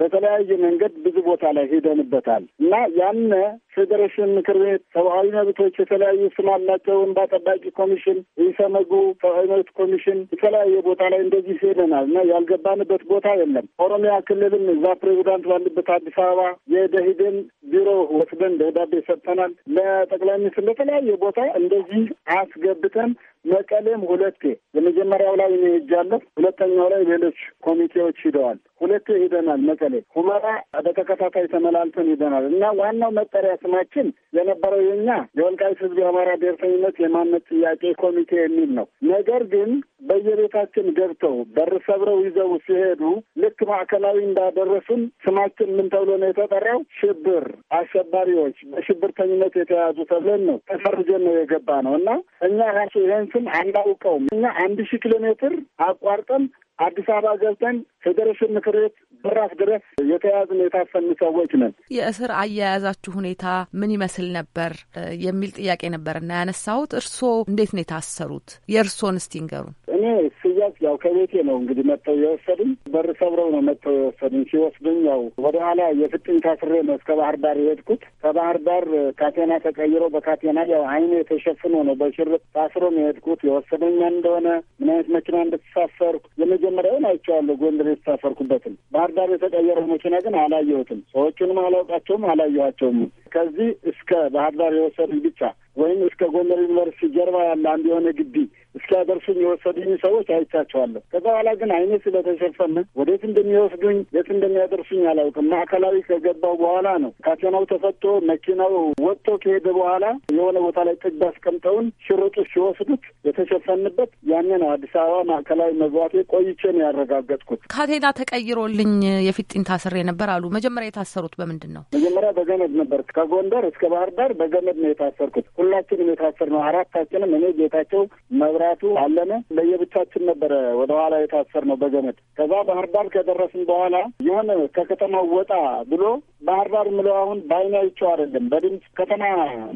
በተለያየ መንገድ ብዙ ቦታ ላይ ሄደንበታል እና ያነ ፌዴሬሽን ምክር ቤት ሰብአዊ መብቶች የተለያዩ ስም አላቸው። እንባ ጠባቂ ኮሚሽን፣ ኢሰመጉ፣ ሰብአዊ መብት ኮሚሽን የተለያየ ቦታ ላይ እንደዚህ ሄደናል እና ያልገባንበት ቦታ የለም። ኦሮሚያ ክልልም እዛ ፕሬዚዳንት ባለበት አዲስ አበባ የደሂድን ቢሮ ወስደን ደብዳቤ ሰጥተናል ለጠቅላይ ሚኒስትር። ለተለያየ ቦታ እንደዚህ አስገብተን መቀሌም ሁለቴ የመጀመሪያው ላይ ሄጃለሁ። ሁለተኛው ላይ ሌሎች ኮሚቴዎች ሂደዋል። ሁለቴ ሂደናል መቀ መቀሌ፣ ሁመራ በተከታታይ ተመላልሰን ይዘናል እና ዋናው መጠሪያ ስማችን የነበረው የኛ የወልቃይት ህዝብ የአማራ ብሔርተኝነት የማንነት ጥያቄ ኮሚቴ የሚል ነው። ነገር ግን በየቤታችን ገብተው በር ሰብረው ይዘው ሲሄዱ ልክ ማዕከላዊ እንዳደረሱን ስማችን ምን ተብሎ ነው የተጠራው? ሽብር አሸባሪዎች፣ በሽብርተኝነት የተያዙ ተብለን ነው ተፈርጀን ነው የገባ ነው እና እኛ ራሱ ይህን ስም አናውቀውም። እኛ አንድ ሺህ ኪሎ ሜትር አቋርጠን አዲስ አበባ ገብተን ፌዴሬሽን ምክር ቤት በራፍ ድረስ የተያዝን የታፈን ሰዎች ነን። የእስር አያያዛችሁ ሁኔታ ምን ይመስል ነበር የሚል ጥያቄ ነበር እና ያነሳሁት። እርስዎ እንዴት ነው የታሰሩት? የእርስዎን እስቲ ንገሩን። እኔ ስያዝ ያው ከቤቴ ነው እንግዲህ መጥተው የወሰዱኝ። በር ሰብረው ነው መጥተው የወሰዱኝ። ሲወስዱኝ ያው ወደ ኋላ የፍጥኝ ታስሬ ነው እስከ ባህር ዳር የሄድኩት። ከባህር ዳር ካቴና ተቀይሮ በካቴና ያው አይኔ የተሸፍኖ ነው በሽር ታስሮ ነው የሄድኩት። የወሰደኛ እንደሆነ ምን አይነት መኪና እንደተሳፈርኩ የመጀመሪያውን አይቼዋለሁ፣ ጎንደር የተሳፈርኩበትን። ባህር ዳር የተቀየረው መኪና ግን አላየሁትም። ሰዎቹንም አላውቃቸውም፣ አላየኋቸውም። ከዚህ እስከ ባህር ዳር የወሰዱኝ ብቻ ወይም እስከ ጎንደር ዩኒቨርሲቲ ጀርባ ያለ አንድ የሆነ ግቢ እስኪያደርሱኝ የወሰዱኝ ሰዎች አይቻቸዋለሁ። ከዛ በኋላ ግን አይኔ ስለተሸፈነ ወዴት እንደሚወስዱኝ የት እንደሚያደርሱኝ አላውቅም። ማዕከላዊ ከገባው በኋላ ነው ካቴናው ተፈቶ መኪናው ወጥቶ ከሄደ በኋላ የሆነ ቦታ ላይ ጥግ አስቀምጠውን ሽርጡ ሲወስዱት የተሸፈንበት ያኔ ነው። አዲስ አበባ ማዕከላዊ መግባቴ ቆይቼ ነው ያረጋገጥኩት። ካቴና ተቀይሮልኝ የፊጢን ታስሬ ነበር አሉ። መጀመሪያ የታሰሩት በምንድን ነው? መጀመሪያ በገመድ ነበር። ከጎንደር እስከ ባህር ዳር በገመድ ነው የታሰርኩት። ሁላችንም የታሰርነው አራታችንም፣ እኔ ጌታቸው፣ መብራቱ አለነ ለየብቻችን ነበረ ወደ ኋላ የታሰርነው በገመድ። ከዛ ባህር ዳር ከደረስን በኋላ የሆነ ከከተማው ወጣ ብሎ ባህር ዳር ምለው አሁን በአይኔ አይቼው አይደለም በድምፅ ከተማ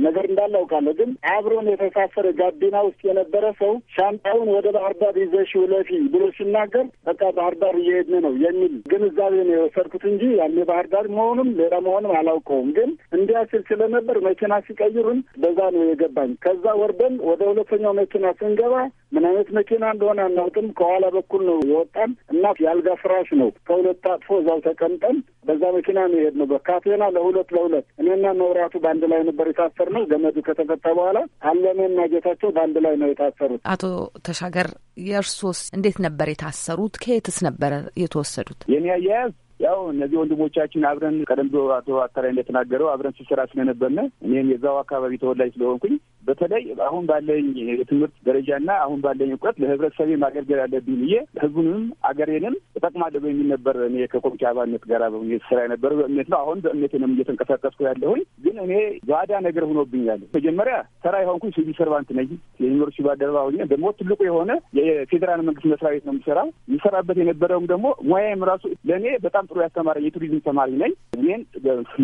ነገር እንዳለ አውቃለሁ። ግን አብሮን የተሳፈረ ጋቢና ውስጥ የነበረ ሰው ሻንጣውን ወደ ባህር ዳር ይዘሽ ለፊ ብሎ ሲናገር በቃ ባህር ዳር እየሄድን ነው የሚል ግንዛቤ ነው የወሰድኩት እንጂ ያኔ ባህር ዳር መሆኑም ሌላ መሆኑም አላውቀውም። ግን እንዲያ ስል ስለነበር መኪና ሲቀይሩን በዛ ነው የገባኝ። ከዛ ወርደን ወደ ሁለተኛው መኪና ስንገባ ምን አይነት መኪና እንደሆነ አናውቅም። ከኋላ በኩል ነው የወጣን እና የአልጋ ፍራሽ ነው ከሁለት አጥፎ እዛው ተቀምጠን በዛ መኪና ነው የሄድነው። ካቴና ለሁለት ለሁለት እኔና መብራቱ በአንድ ላይ ነበር የታሰር ነው። ገመዱ ከተፈታ በኋላ አለሜና ጌታቸው በአንድ ላይ ነው የታሰሩት። አቶ ተሻገር የእርሶስ እንዴት ነበር የታሰሩት? ከየትስ ነበረ የተወሰዱት? የኔ አያያዝ ያው እነዚህ ወንድሞቻችን አብረን ቀደም ብሎ አቶ አታላይ እንደተናገረው አብረን ስሰራ ስለነበርነ እኔም የዛው አካባቢ ተወላጅ ስለሆንኩኝ በተለይ አሁን ባለኝ የትምህርት ደረጃና አሁን ባለኝ እውቀት ለህብረተሰብ ማገልገል አለብኝ ብዬ ህዝቡንም አገሬንም እጠቅማለሁ በሚል ነበር እኔ ከኮሚቴ አባልነት ጋር በሁኔት ስራ የነበረ በእምነት ነው። አሁን በእምነት ነው እየተንቀሳቀስኩ ያለሁኝ። ግን እኔ ጓዳ ነገር ሆኖብኛል። መጀመሪያ ተራ የሆንኩኝ ሲቪል ሰርቫንት ነኝ። የዩኒቨርሲቲ ባደረባ ሁ ደግሞ ትልቁ የሆነ የፌዴራል መንግስት መስሪያ ቤት ነው የምሰራው። የሚሰራበት የነበረውም ደግሞ ሙያም ራሱ ለእኔ በጣም ጥሩ ያስተማረኝ የቱሪዝም ተማሪ ነኝ። ይህን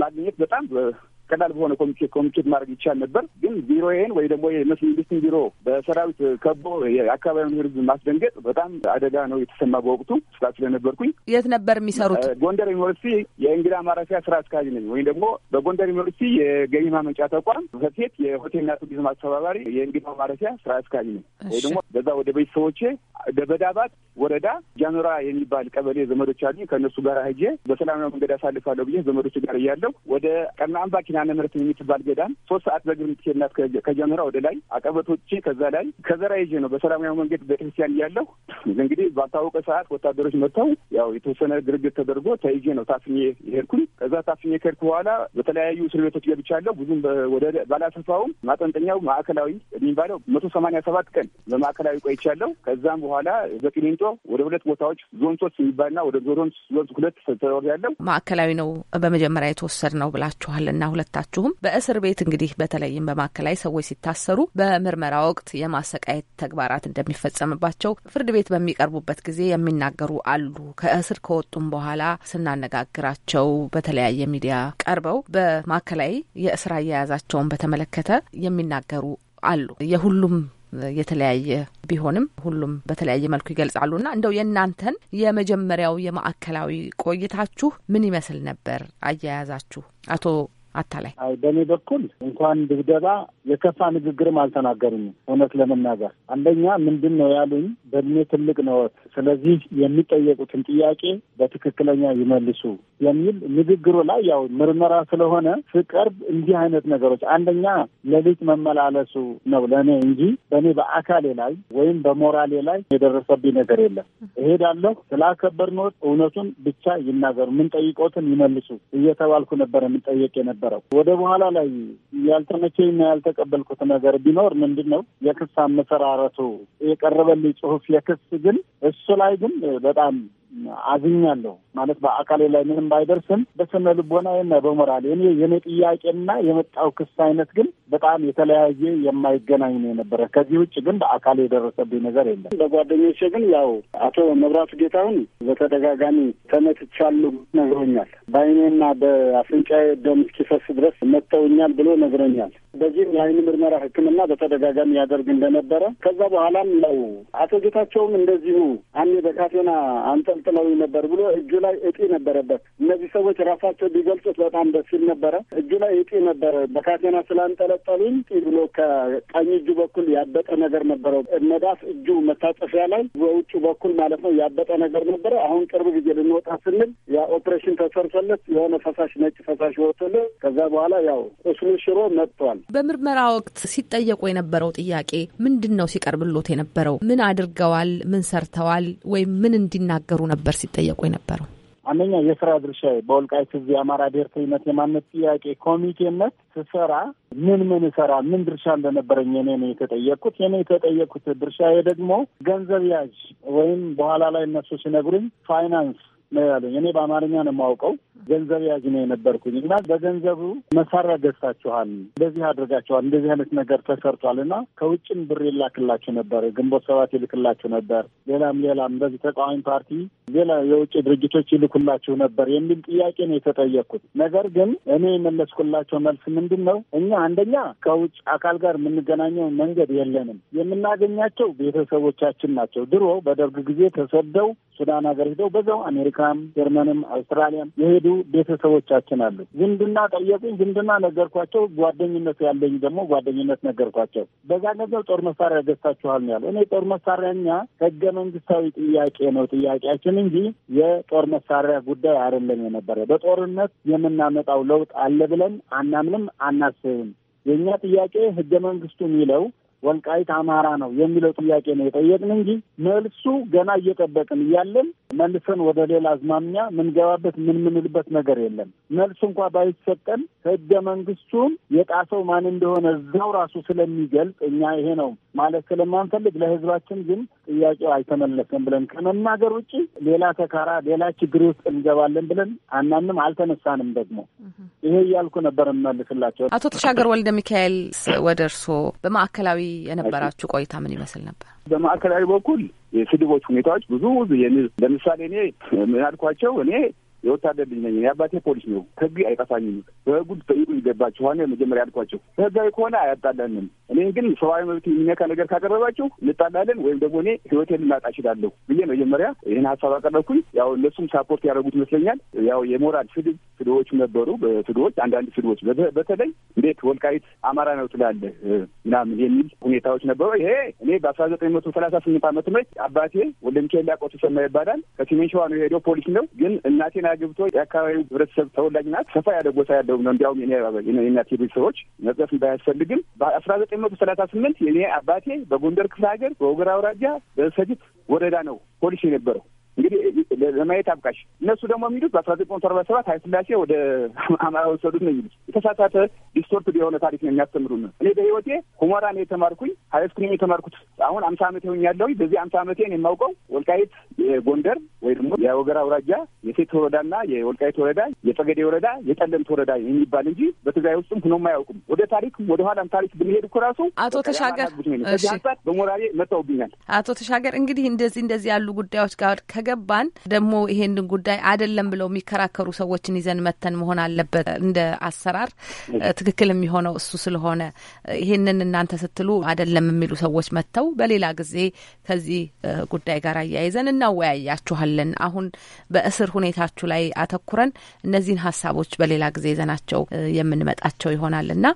ማግኘት በጣም ቀላል በሆነ ኮሚኒኬት ኮሚኒኬት ማድረግ ይቻል ነበር። ግን ቢሮዬን ወይ ደግሞ የመንግስትን ቢሮ በሰራዊት ከቦ የአካባቢውን ህዝብ ማስደንገጥ በጣም አደጋ ነው የተሰማ በወቅቱ ስራ ስለነበርኩኝ። የት ነበር የሚሰሩት? ጎንደር ዩኒቨርሲቲ የእንግዳ ማረፊያ ስራ አስኪያጅ ነኝ። ወይም ደግሞ በጎንደር ዩኒቨርሲቲ የገቢ ማመንጫ ተቋም በሴት የሆቴልና ቱሪዝም አስተባባሪ የእንግዳ ማረፊያ ስራ አስኪያጅ ነኝ። ወይ ደግሞ በዛ ወደ ቤተሰቦቼ በዳባት ወረዳ ጃኖራ የሚባል ቀበሌ ዘመዶች አሉኝ። ከእነሱ ጋር ሄጄ በሰላማዊ መንገድ አሳልፋለሁ ብዬ ዘመዶች ጋር እያለሁ ወደ ቀና ኪዳነ ምሕረት የምትባል ገዳም ሶስት ሰዓት በእግር የምትሄድ ናት። ከጀምራ ወደ ላይ አቀበቶቼ ከዛ ላይ ከዘራ ይዤ ነው በሰላማዊ መንገድ ቤተክርስቲያን እያለሁ <clears throat> እንግዲህ ባልታወቀ ሰዓት ወታደሮች መጥተው ያው የተወሰነ ግርግር ተደርጎ ተይዤ ነው ታፍኜ የሄድኩኝ። ከዛ ታፍኜ ከሄድኩ በኋላ በተለያዩ እስር ቤቶች ገብቻለሁ። ብዙም ወደ ባላሰፋውም ማጠንጠኛው ማዕከላዊ የሚባለው መቶ ሰማንያ ሰባት ቀን በማዕከላዊ ቆይቻለሁ። ከዛም በኋላ በቂሊንጦ ወደ ሁለት ቦታዎች ዞን ሶስት የሚባልና ወደ ዞን ሁለት ተወር ያለው ማዕከላዊ ነው በመጀመሪያ የተወሰድ ነው ብላችኋል እና ሁለታችሁም በእስር ቤት እንግዲህ በተለይም በማዕከላዊ ሰዎች ሲታሰሩ በምርመራ ወቅት የማሰቃየት ተግባራት እንደሚፈጸምባቸው ፍርድ ቤት በሚቀርቡበት ጊዜ የሚናገሩ አሉ። ከእስር ከወጡም በኋላ ስናነጋግራቸው በተለያየ ሚዲያ ቀርበው በማዕከላዊ የእስር አያያዛቸውን በተመለከተ የሚናገሩ አሉ። የሁሉም የተለያየ ቢሆንም ሁሉም በተለያየ መልኩ ይገልጻሉ። እና እንደው የእናንተን የመጀመሪያው የማዕከላዊ ቆይታችሁ ምን ይመስል ነበር? አያያዛችሁ አቶ አታላይ? አይ በእኔ በኩል እንኳን ድብደባ የከፋ ንግግርም አልተናገሩኝም። እውነት ለመናገር አንደኛ ምንድን ነው ያሉኝ፣ በእድሜ ትልቅ ነዎት፣ ስለዚህ የሚጠየቁትን ጥያቄ በትክክለኛ ይመልሱ የሚል ንግግሩ ላይ ያው ምርመራ ስለሆነ ስቀርብ እንዲህ አይነት ነገሮች አንደኛ ሌሊት መመላለሱ ነው ለእኔ እንጂ በእኔ በአካሌ ላይ ወይም በሞራሌ ላይ የደረሰብኝ ነገር የለም። እሄዳለሁ ስላከበርንዎት እውነቱን ብቻ ይናገሩ፣ ምንጠይቆትን ይመልሱ እየተባልኩ ነበር የምንጠየቅ ነበር ነበረው። ወደ በኋላ ላይ ያልተመቸኝና ያልተቀበልኩት ነገር ቢኖር ምንድን ነው የክስ አመሰራረቱ የቀረበልኝ ጽሁፍ የክስ ግን እሱ ላይ ግን በጣም አዝኛለሁ ማለት በአካሌ ላይ ምንም ባይደርስም በስነ ልቦናዬና በሞራል እኔ የኔ ጥያቄና የመጣው ክስ አይነት ግን በጣም የተለያየ የማይገናኝ ነው የነበረ። ከዚህ ውጭ ግን በአካል የደረሰብኝ ነገር የለም። ለጓደኞቼ ግን ያው አቶ መብራቱ ጌታሁን በተደጋጋሚ ተመትቻለሁ ነግሮኛል። በአይኔና በአፍንጫዬ ደም እስኪፈስ ድረስ መጥተውኛል ብሎ ነግረኛል። በዚህም የአይን ምርመራ ሕክምና በተደጋጋሚ ያደርግ እንደነበረ ከዛ በኋላም ነው አቶ ጌታቸውም እንደዚሁ አኔ በካቴና አንጠልጥለው ነበር ብሎ እጁ ላይ እጢ ነበረበት። እነዚህ ሰዎች ራሳቸው ቢገልጹት በጣም ደስ ነበረ። እጁ ላይ እጢ ነበረ። በካቴና ስላንጠለጠሉኝ እጢ ብሎ ከቀኝ እጁ በኩል ያበጠ ነገር ነበረው። መዳፍ እጁ መታጠፊያ ላይ በውጭ በኩል ማለት ነው ያበጠ ነገር ነበረ። አሁን ቅርብ ጊዜ ልንወጣ ስንል ያ ኦፕሬሽን ተሰርቶለት የሆነ ፈሳሽ ነጭ ፈሳሽ ወጥቶለት ከዛ በኋላ ያው እሱን ሽሮ መጥቷል። በምርመራ ወቅት ሲጠየቁ የነበረው ጥያቄ ምንድን ነው? ሲቀርብሎት የነበረው ምን አድርገዋል፣ ምን ሰርተዋል፣ ወይም ምን እንዲናገሩ ነበር ሲጠየቁ የነበረው? አንደኛ የስራ ድርሻዬ በወልቃይት ህዝብ የአማራ ብሔርተኝነት የማንነት ጥያቄ ኮሚቴነት ስሰራ ምን ምን እሰራ ምን ድርሻ እንደነበረኝ የኔ ነው የተጠየቅኩት። የኔ የተጠየቅኩት ድርሻዬ ደግሞ ገንዘብ ያዥ ወይም በኋላ ላይ እነሱ ሲነግሩኝ ፋይናንስ ነው ያለኝ። እኔ በአማርኛ ነው የማውቀው። ገንዘብ ያዝ ነው የነበርኩኝ እና በገንዘቡ መሳሪያ ገዝታችኋል፣ እንደዚህ አድርጋችኋል፣ እንደዚህ አይነት ነገር ተሰርቷል እና ከውጭም ብር ይላክላችሁ ነበር፣ ግንቦት ሰባት ይልክላችሁ ነበር፣ ሌላም ሌላም በዚህ ተቃዋሚ ፓርቲ ሌላ የውጭ ድርጅቶች ይልኩላችሁ ነበር የሚል ጥያቄ ነው የተጠየቅኩት። ነገር ግን እኔ የመለስኩላቸው መልስ ምንድን ነው? እኛ አንደኛ ከውጭ አካል ጋር የምንገናኘው መንገድ የለንም። የምናገኛቸው ቤተሰቦቻችን ናቸው። ድሮ በደርግ ጊዜ ተሰደው ሱዳን ሀገር ሂደው በዛው አሜሪካም፣ ጀርመንም፣ አውስትራሊያም የሄዱ የሚሄዱ ቤተሰቦቻችን አሉ። ዝምድና ጠየቁኝ፣ ዝምድና ነገርኳቸው። ጓደኝነት ያለኝ ደግሞ ጓደኝነት ነገርኳቸው። በዛ ገንዘብ ጦር መሳሪያ ገዝታችኋል ነው ያለው። እኔ ጦር መሳሪያ እኛ ህገ መንግስታዊ ጥያቄ ነው ጥያቄያችን እንጂ የጦር መሳሪያ ጉዳይ አይደለም የነበረ። በጦርነት የምናመጣው ለውጥ አለ ብለን አናምንም፣ አናስብም። የእኛ ጥያቄ ህገ መንግስቱ የሚለው ወልቃይት አማራ ነው የሚለው ጥያቄ ነው የጠየቅን እንጂ መልሱ ገና እየጠበቅን እያለን መልሰን ወደ ሌላ አዝማሚያ ምንገባበት ምን ምንልበት ነገር የለም። መልሱ እንኳ ባይሰጠን ህገ መንግስቱን የጣሰው ማን እንደሆነ እዛው ራሱ ስለሚገልጽ እኛ ይሄ ነው ማለት ስለማንፈልግ ለህዝባችን ግን ጥያቄው አይተመለሰም ብለን ከመናገር ውጭ ሌላ ተካራ ሌላ ችግር ውስጥ እንገባለን ብለን አናንም አልተነሳንም። ደግሞ ይሄ እያልኩ ነበር እመልስላቸው። አቶ ተሻገር ወልደ ሚካኤል ወደ እርስዎ በማዕከላዊ የነበራችሁ ቆይታ ምን ይመስል ነበር? በማዕከላዊ በኩል የስድቦች ሁኔታዎች ብዙ ብዙ ለምሳሌ እኔ ምን አልኳቸው እኔ የወታደር ልጅ ነኝ የአባቴ ፖሊስ ነው። ህግ አይጠፋኝም። በህጉ ልትጠይቁ ይገባችኋል። የመጀመሪያ ያልኳቸው በህጋዊ ከሆነ አያጣለንም። እኔ ግን ሰብአዊ መብት የሚነካ ነገር ካቀረባቸው እንጣላለን ወይም ደግሞ እኔ ህይወቴን ልናጣ እችላለሁ ብዬ መጀመሪያ ይህን ሀሳብ አቀረብኩኝ። ያው እነሱም ሳፖርት ያደረጉት ይመስለኛል። ያው የሞራል ስድብ ስድቦች ነበሩ። በስድቦች አንዳንድ ስድቦች በተለይ እንዴት ወልቃይት አማራ ነው ትላለህ ምናምን የሚል ሁኔታዎች ነበሩ። ይሄ እኔ በአስራ ዘጠኝ መቶ ሰላሳ ስምንት አመት ምት አባቴ ወደ ሚካኤል ያቆቱ ሰማ ይባላል። ከሰሜን ሸዋ ነው የሄደው ፖሊስ ነው። ግን እናቴን ገብቶ የአካባቢ ህብረተሰብ ተወላጅ ናት። ሰፋ ያለ ቦታ ያለው ነው። እንዲያውም የኛ ቴሌ ሰዎች መጽፍ እንዳያስፈልግም በአስራ ዘጠኝ መቶ ሰላሳ ስምንት የኔ አባቴ በጎንደር ክፍለ ሀገር በወገራ አውራጃ በሰጅት ወረዳ ነው ፖሊስ የነበረው እንግዲህ ለማየት አብቃሽ። እነሱ ደግሞ የሚሉት በአስራ ዘጠኝ መቶ አርባ ሰባት ኃይለ ወደ አማራ ወሰዱ ነው የሚሉት። የተሳሳተ ዲስቶርትድ የሆነ ታሪክ ነው የሚያስተምሩን። እኔ በህይወቴ ሁመራ ነው የተማርኩኝ፣ ሀይስኩል የተማርኩት አሁን አምሳ ዓመት ያለው። በዚህ አምሳ ዓመቴን የማውቀው ወልቃይት የጎንደር ወይ ደግሞ የወገራ አውራጃ የሴት ወረዳና የወልቃይት ወረዳ፣ የጸገዴ ወረዳ፣ የጠለምት ወረዳ የሚባል እንጂ በትግራይ ውስጥም ሆኖም አያውቁም። ወደ ታሪክ ወደ ኋላም ታሪክ ብንሄድ እኮ ራሱ አቶ ተሻገር በሞራሌ መጥተውብኛል። አቶ ተሻገር እንግዲህ እንደዚህ እንደዚህ ያሉ ጉዳዮች ጋር ከገባን ደግሞ ይሄን ጉዳይ አይደለም ብለው የሚከራከሩ ሰዎችን ይዘን መተን መሆን አለበት። እንደ አሰራር ትክክል የሚሆነው እሱ ስለሆነ ይሄንን እናንተ ስትሉ አይደለም የሚሉ ሰዎች መጥተው በሌላ ጊዜ ከዚህ ጉዳይ ጋር አያይዘን እናወያያችኋለን። አሁን በእስር ሁኔታችሁ ላይ አተኩረን እነዚህን ሀሳቦች በሌላ ጊዜ ይዘናቸው የምንመጣቸው ይሆናል እና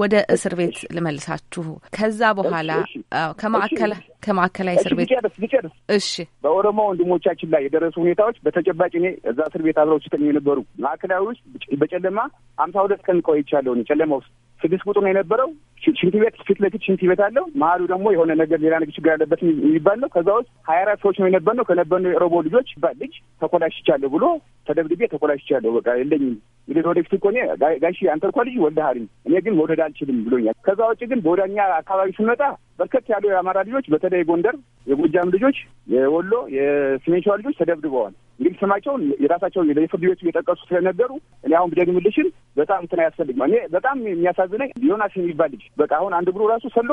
ወደ እስር ቤት ልመልሳችሁ። ከዛ በኋላ ከማዕከላ ከማዕከላዊ እስር ቤት እሺ፣ በኦሮሞ ወንድሞቻችን ላይ የደረሱ ሁኔታዎች በተጨባጭ እኔ እዛ እስር ቤት አብረው ሲተኙ የነበሩ ማዕከላዊ ውስጥ በጨለማ አምሳ ሁለት ቀን ቆይቻለሁ። ጨለማ ውስጥ ስድስት ቁጥር ነው የነበረው። ሽንት ቤት ፊት ለፊት ሽንት ቤት አለው። መሀሉ ደግሞ የሆነ ነገር ሌላ ነገር ችግር ያለበት የሚባል ነው። ከዛ ውስጥ ሀያ አራት ሰዎች ነው የነበር ነው ከነበርነው የሮቦ ልጆች ልጅ ተኮላሽቻለሁ ብሎ ተደብድቤ ተኮላሽቻለሁ። በቃ የለኝም እንግዲህ ወደፊት እኮ እኔ ጋሺ አንተ እንኳ ልጅ ወልደሃል እኔ ግን መውደድ አልችልም ብሎኛል። ከዛ ውጭ ግን በወዳኛ አካባቢ ስንመጣ በርከት ያሉ የአማራ ልጆች በተለይ ጎንደር፣ የጎጃም ልጆች፣ የወሎ፣ የሰሜን ሸዋ ልጆች ተደብድበዋል። እንግዲህ ስማቸውን የራሳቸው የፍርድ ቤቱ እየጠቀሱ ስለነገሩ እኔ አሁን ብደግምልሽን በጣም እንትን አያስፈልግም። እኔ በጣም የሚያሳዝነኝ ዮናስ የሚባል ልጅ በቃ አሁን አንድ ብሩ ራሱ ሰሎ፣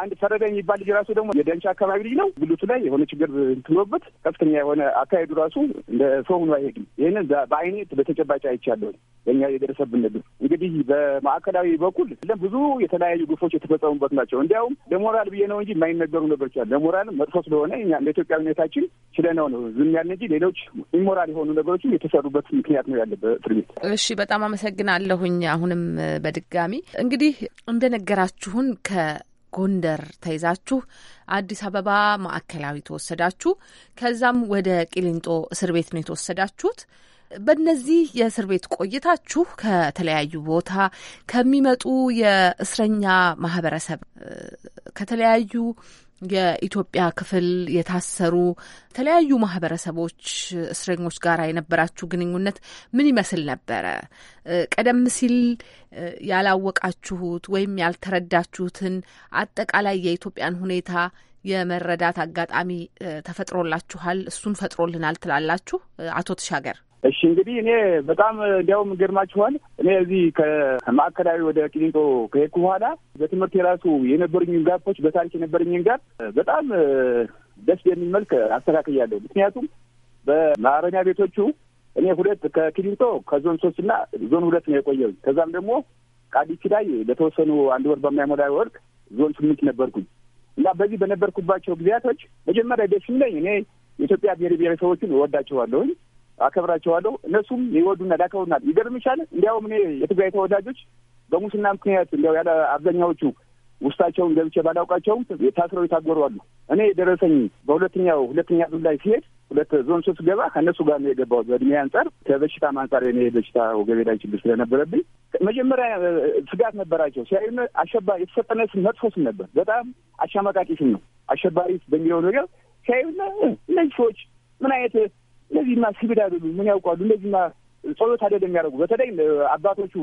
አንድ ፈረደ የሚባል ልጅ ራሱ ደግሞ የደንቻ አካባቢ ልጅ ነው። ብልቱ ላይ የሆነ ችግር ትኖበት ከፍተኛ የሆነ አካሄዱ ራሱ እንደ ሰው ሆኖ አይሄድም። ይህንን በአይኔ በተጨባጭ አይቻለሁ። እኛ የደረሰብን ነገር እንግዲህ በማዕከላዊ በኩል ብዙ የተለያዩ ግፎች የተፈጸሙበት ናቸው። እንዲያውም ለሞራል ብዬ ነው እንጂ የማይነገሩ ነገሮች አሉ። ለሞራል መጥፎ ስለሆነ እኛ እንደ ኢትዮጵያዊነታችን ችለነው ነው ዝም ያለ እንጂ ሌሎች ኢሞራል የሆኑ ነገሮችን የተሰሩበት ምክንያት ነው ያለ በእስር ቤት። እሺ፣ በጣም አመሰግናለሁኝ። አሁንም በድጋሚ እንግዲህ እንደነገራችሁን ከጎንደር ተይዛችሁ አዲስ አበባ ማዕከላዊ ተወሰዳችሁ። ከዛም ወደ ቂሊንጦ እስር ቤት ነው የተወሰዳችሁት። በእነዚህ የእስር ቤት ቆይታችሁ ከተለያዩ ቦታ ከሚመጡ የእስረኛ ማህበረሰብ ከተለያዩ የኢትዮጵያ ክፍል የታሰሩ የተለያዩ ማህበረሰቦች እስረኞች ጋር የነበራችሁ ግንኙነት ምን ይመስል ነበረ? ቀደም ሲል ያላወቃችሁት ወይም ያልተረዳችሁትን አጠቃላይ የኢትዮጵያን ሁኔታ የመረዳት አጋጣሚ ተፈጥሮላችኋል? እሱን ፈጥሮልናል ትላላችሁ? አቶ ተሻገር እሺ እንግዲህ እኔ በጣም እንዲያውም ገርማችኋል። እኔ እዚህ ከማዕከላዊ ወደ ቂሊንጦ ከሄድኩ በኋላ በትምህርት የራሱ የነበሩኝን ጋፖች፣ በታሪክ የነበረኝን ጋፕ በጣም ደስ የሚል መልክ አስተካክያለሁ። ምክንያቱም በማረሚያ ቤቶቹ እኔ ሁለት ከኪሊንጦ ከዞን ሶስት እና ዞን ሁለት ነው የቆየው ከዛም ደግሞ ቃዲቺ ላይ ለተወሰኑ አንድ ወር በማይሞላ ወርቅ ዞን ስምንት ነበርኩኝ እና በዚህ በነበርኩባቸው ጊዜያቶች መጀመሪያ ደስ የሚለኝ እኔ የኢትዮጵያ ብሔር ብሔረሰቦችን እወዳቸዋለሁኝ አከብራቸዋለሁ። እነሱም ይወዱናል፣ ያከብሩናል። ይገርምሻል እንዲያውም እኔ የትግራይ ተወዳጆች በሙስና ምክንያት እንዲያው ያለ አብዛኛዎቹ ውስጣቸውን ገብቼ ባላውቃቸውም የታስረው የታጎሩ አሉ። እኔ የደረሰኝ በሁለተኛው ሁለተኛ ዙር ላይ ሲሄድ ሁለት ዞን ሶስት ገባ ከእነሱ ጋር ነው የገባሁት። በእድሜ አንጻር ከበሽታም አንጻር የኔ በሽታ ወገቤ ላይ ችግር ስለነበረብኝ መጀመሪያ ስጋት ነበራቸው። ሲያዩን አሸባ የተሰጠነ ስም መጥፎ ስም ነበር። በጣም አሻማቃቂ ስም ነው። አሸባሪ በሚለው ነገር ሲያዩን እነዚህ ሰዎች ምን አይነት እነዚህማ ሲቪል አይደሉ፣ ምን ያውቃሉ? እነዚህማ ጸሎት አይደለም የሚያደርጉ። በተለይ አባቶቹ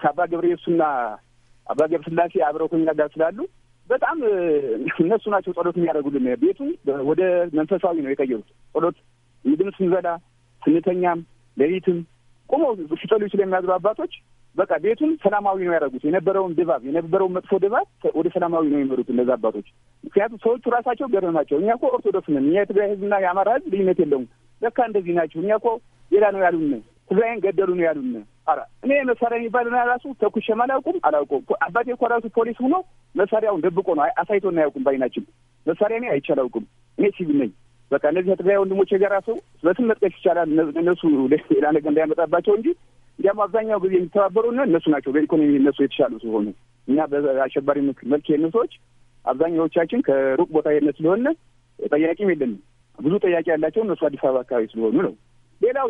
ከአባ ገብረ ኢየሱስና አባ ገብረ ስላሴ አብረው ከኛ ጋር ስላሉ በጣም እነሱ ናቸው ጸሎት የሚያደርጉልን። ቤቱ ወደ መንፈሳዊ ነው የቀየሩት። ጸሎት ምግብ ስንበላ ስንተኛም፣ ሌሊትም ቁመው ሲጸልዩ ስለሚያድሩ አባቶች በቃ ቤቱን ሰላማዊ ነው ያደረጉት። የነበረውን ድባብ የነበረውን መጥፎ ድባብ ወደ ሰላማዊ ነው የመሩት እነዚህ አባቶች። ምክንያቱም ሰዎቹ ራሳቸው ገረማቸው። እኛ እኮ ኦርቶዶክስ ነን። የትግራይ ህዝብና የአማራ ህዝብ ልዩነት የለውም። ለካ እንደዚህ ናችሁ፣ እኛ እኮ ሌላ ነው ያሉን፣ ትግራይን ገደሉ ነው ያሉን። አረ እኔ መሳሪያ የሚባል ና ራሱ ተኩሼም አላውቁም አላውቁም። አባቴ እኮ ራሱ ፖሊስ ሆኖ መሳሪያውን ደብቆ ነው አሳይቶን አያውቁም። ባይናችን መሳሪያ እኔ አይቼ አላውቁም። እኔ ሲቪል ነኝ። በቃ እነዚህ ከትግራይ ወንድሞች የጋራ ሰው በስም መጥቀስ ይቻላል። እነሱ ሌላ ነገር እንዳያመጣባቸው እንጂ እንዲያም አብዛኛው ጊዜ የሚተባበሩ እነሱ ናቸው። በኢኮኖሚ እነሱ የተሻሉ ሲሆኑ እና በአሸባሪ መልክ የነ ሰዎች አብዛኛዎቻችን ከሩቅ ቦታ የነ ስለሆነ ጠያቂም የለንም። ብዙ ጥያቄ ያላቸው እነሱ አዲስ አበባ አካባቢ ስለሆኑ ነው። ሌላው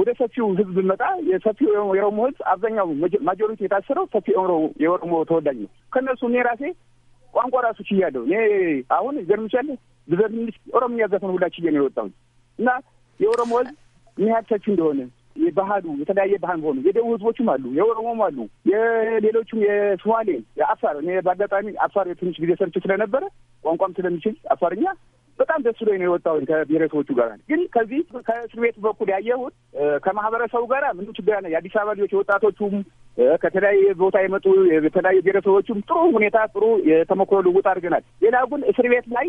ወደ ሰፊው ህዝብ ብንመጣ የሰፊው የኦሮሞ ህዝብ አብዛኛው ማጆሪቲ የታሰረው ሰፊ የኦሮሞ ተወላጅ ነው። ከእነሱ እኔ ራሴ ቋንቋ ራሱ ችያለሁ። እኔ አሁን ይገርምሻል ብዘፍንልሽ ኦሮምኛ ዘፈን ሁላ ችዬ ነው የወጣሁት እና የኦሮሞ ህዝብ ምን ያህል ሰፊ እንደሆነ የባህሉ የተለያየ ባህል ሆኑ የደቡብ ህዝቦችም አሉ፣ የኦሮሞም አሉ፣ የሌሎችም የሶማሌ፣ የአፋር እኔ በአጋጣሚ አፋር የትንሽ ጊዜ ሰርች ስለነበረ ቋንቋም ስለሚችል አፋርኛ በጣም ደስ ብሎኝ ነው የወጣሁኝ ከብሔረሰቦቹ ጋር። ግን ከዚህ ከእስር ቤቱ በኩል ያየሁት ከማህበረሰቡ ጋር ምንም ችግር ነ የአዲስ አበባ ልጆች የወጣቶቹም ከተለያየ ቦታ የመጡ የተለያዩ ብሔረሰቦቹም ጥሩ ሁኔታ ጥሩ የተሞክሮ ልውጥ አድርገናል። ሌላ ግን እስር ቤት ላይ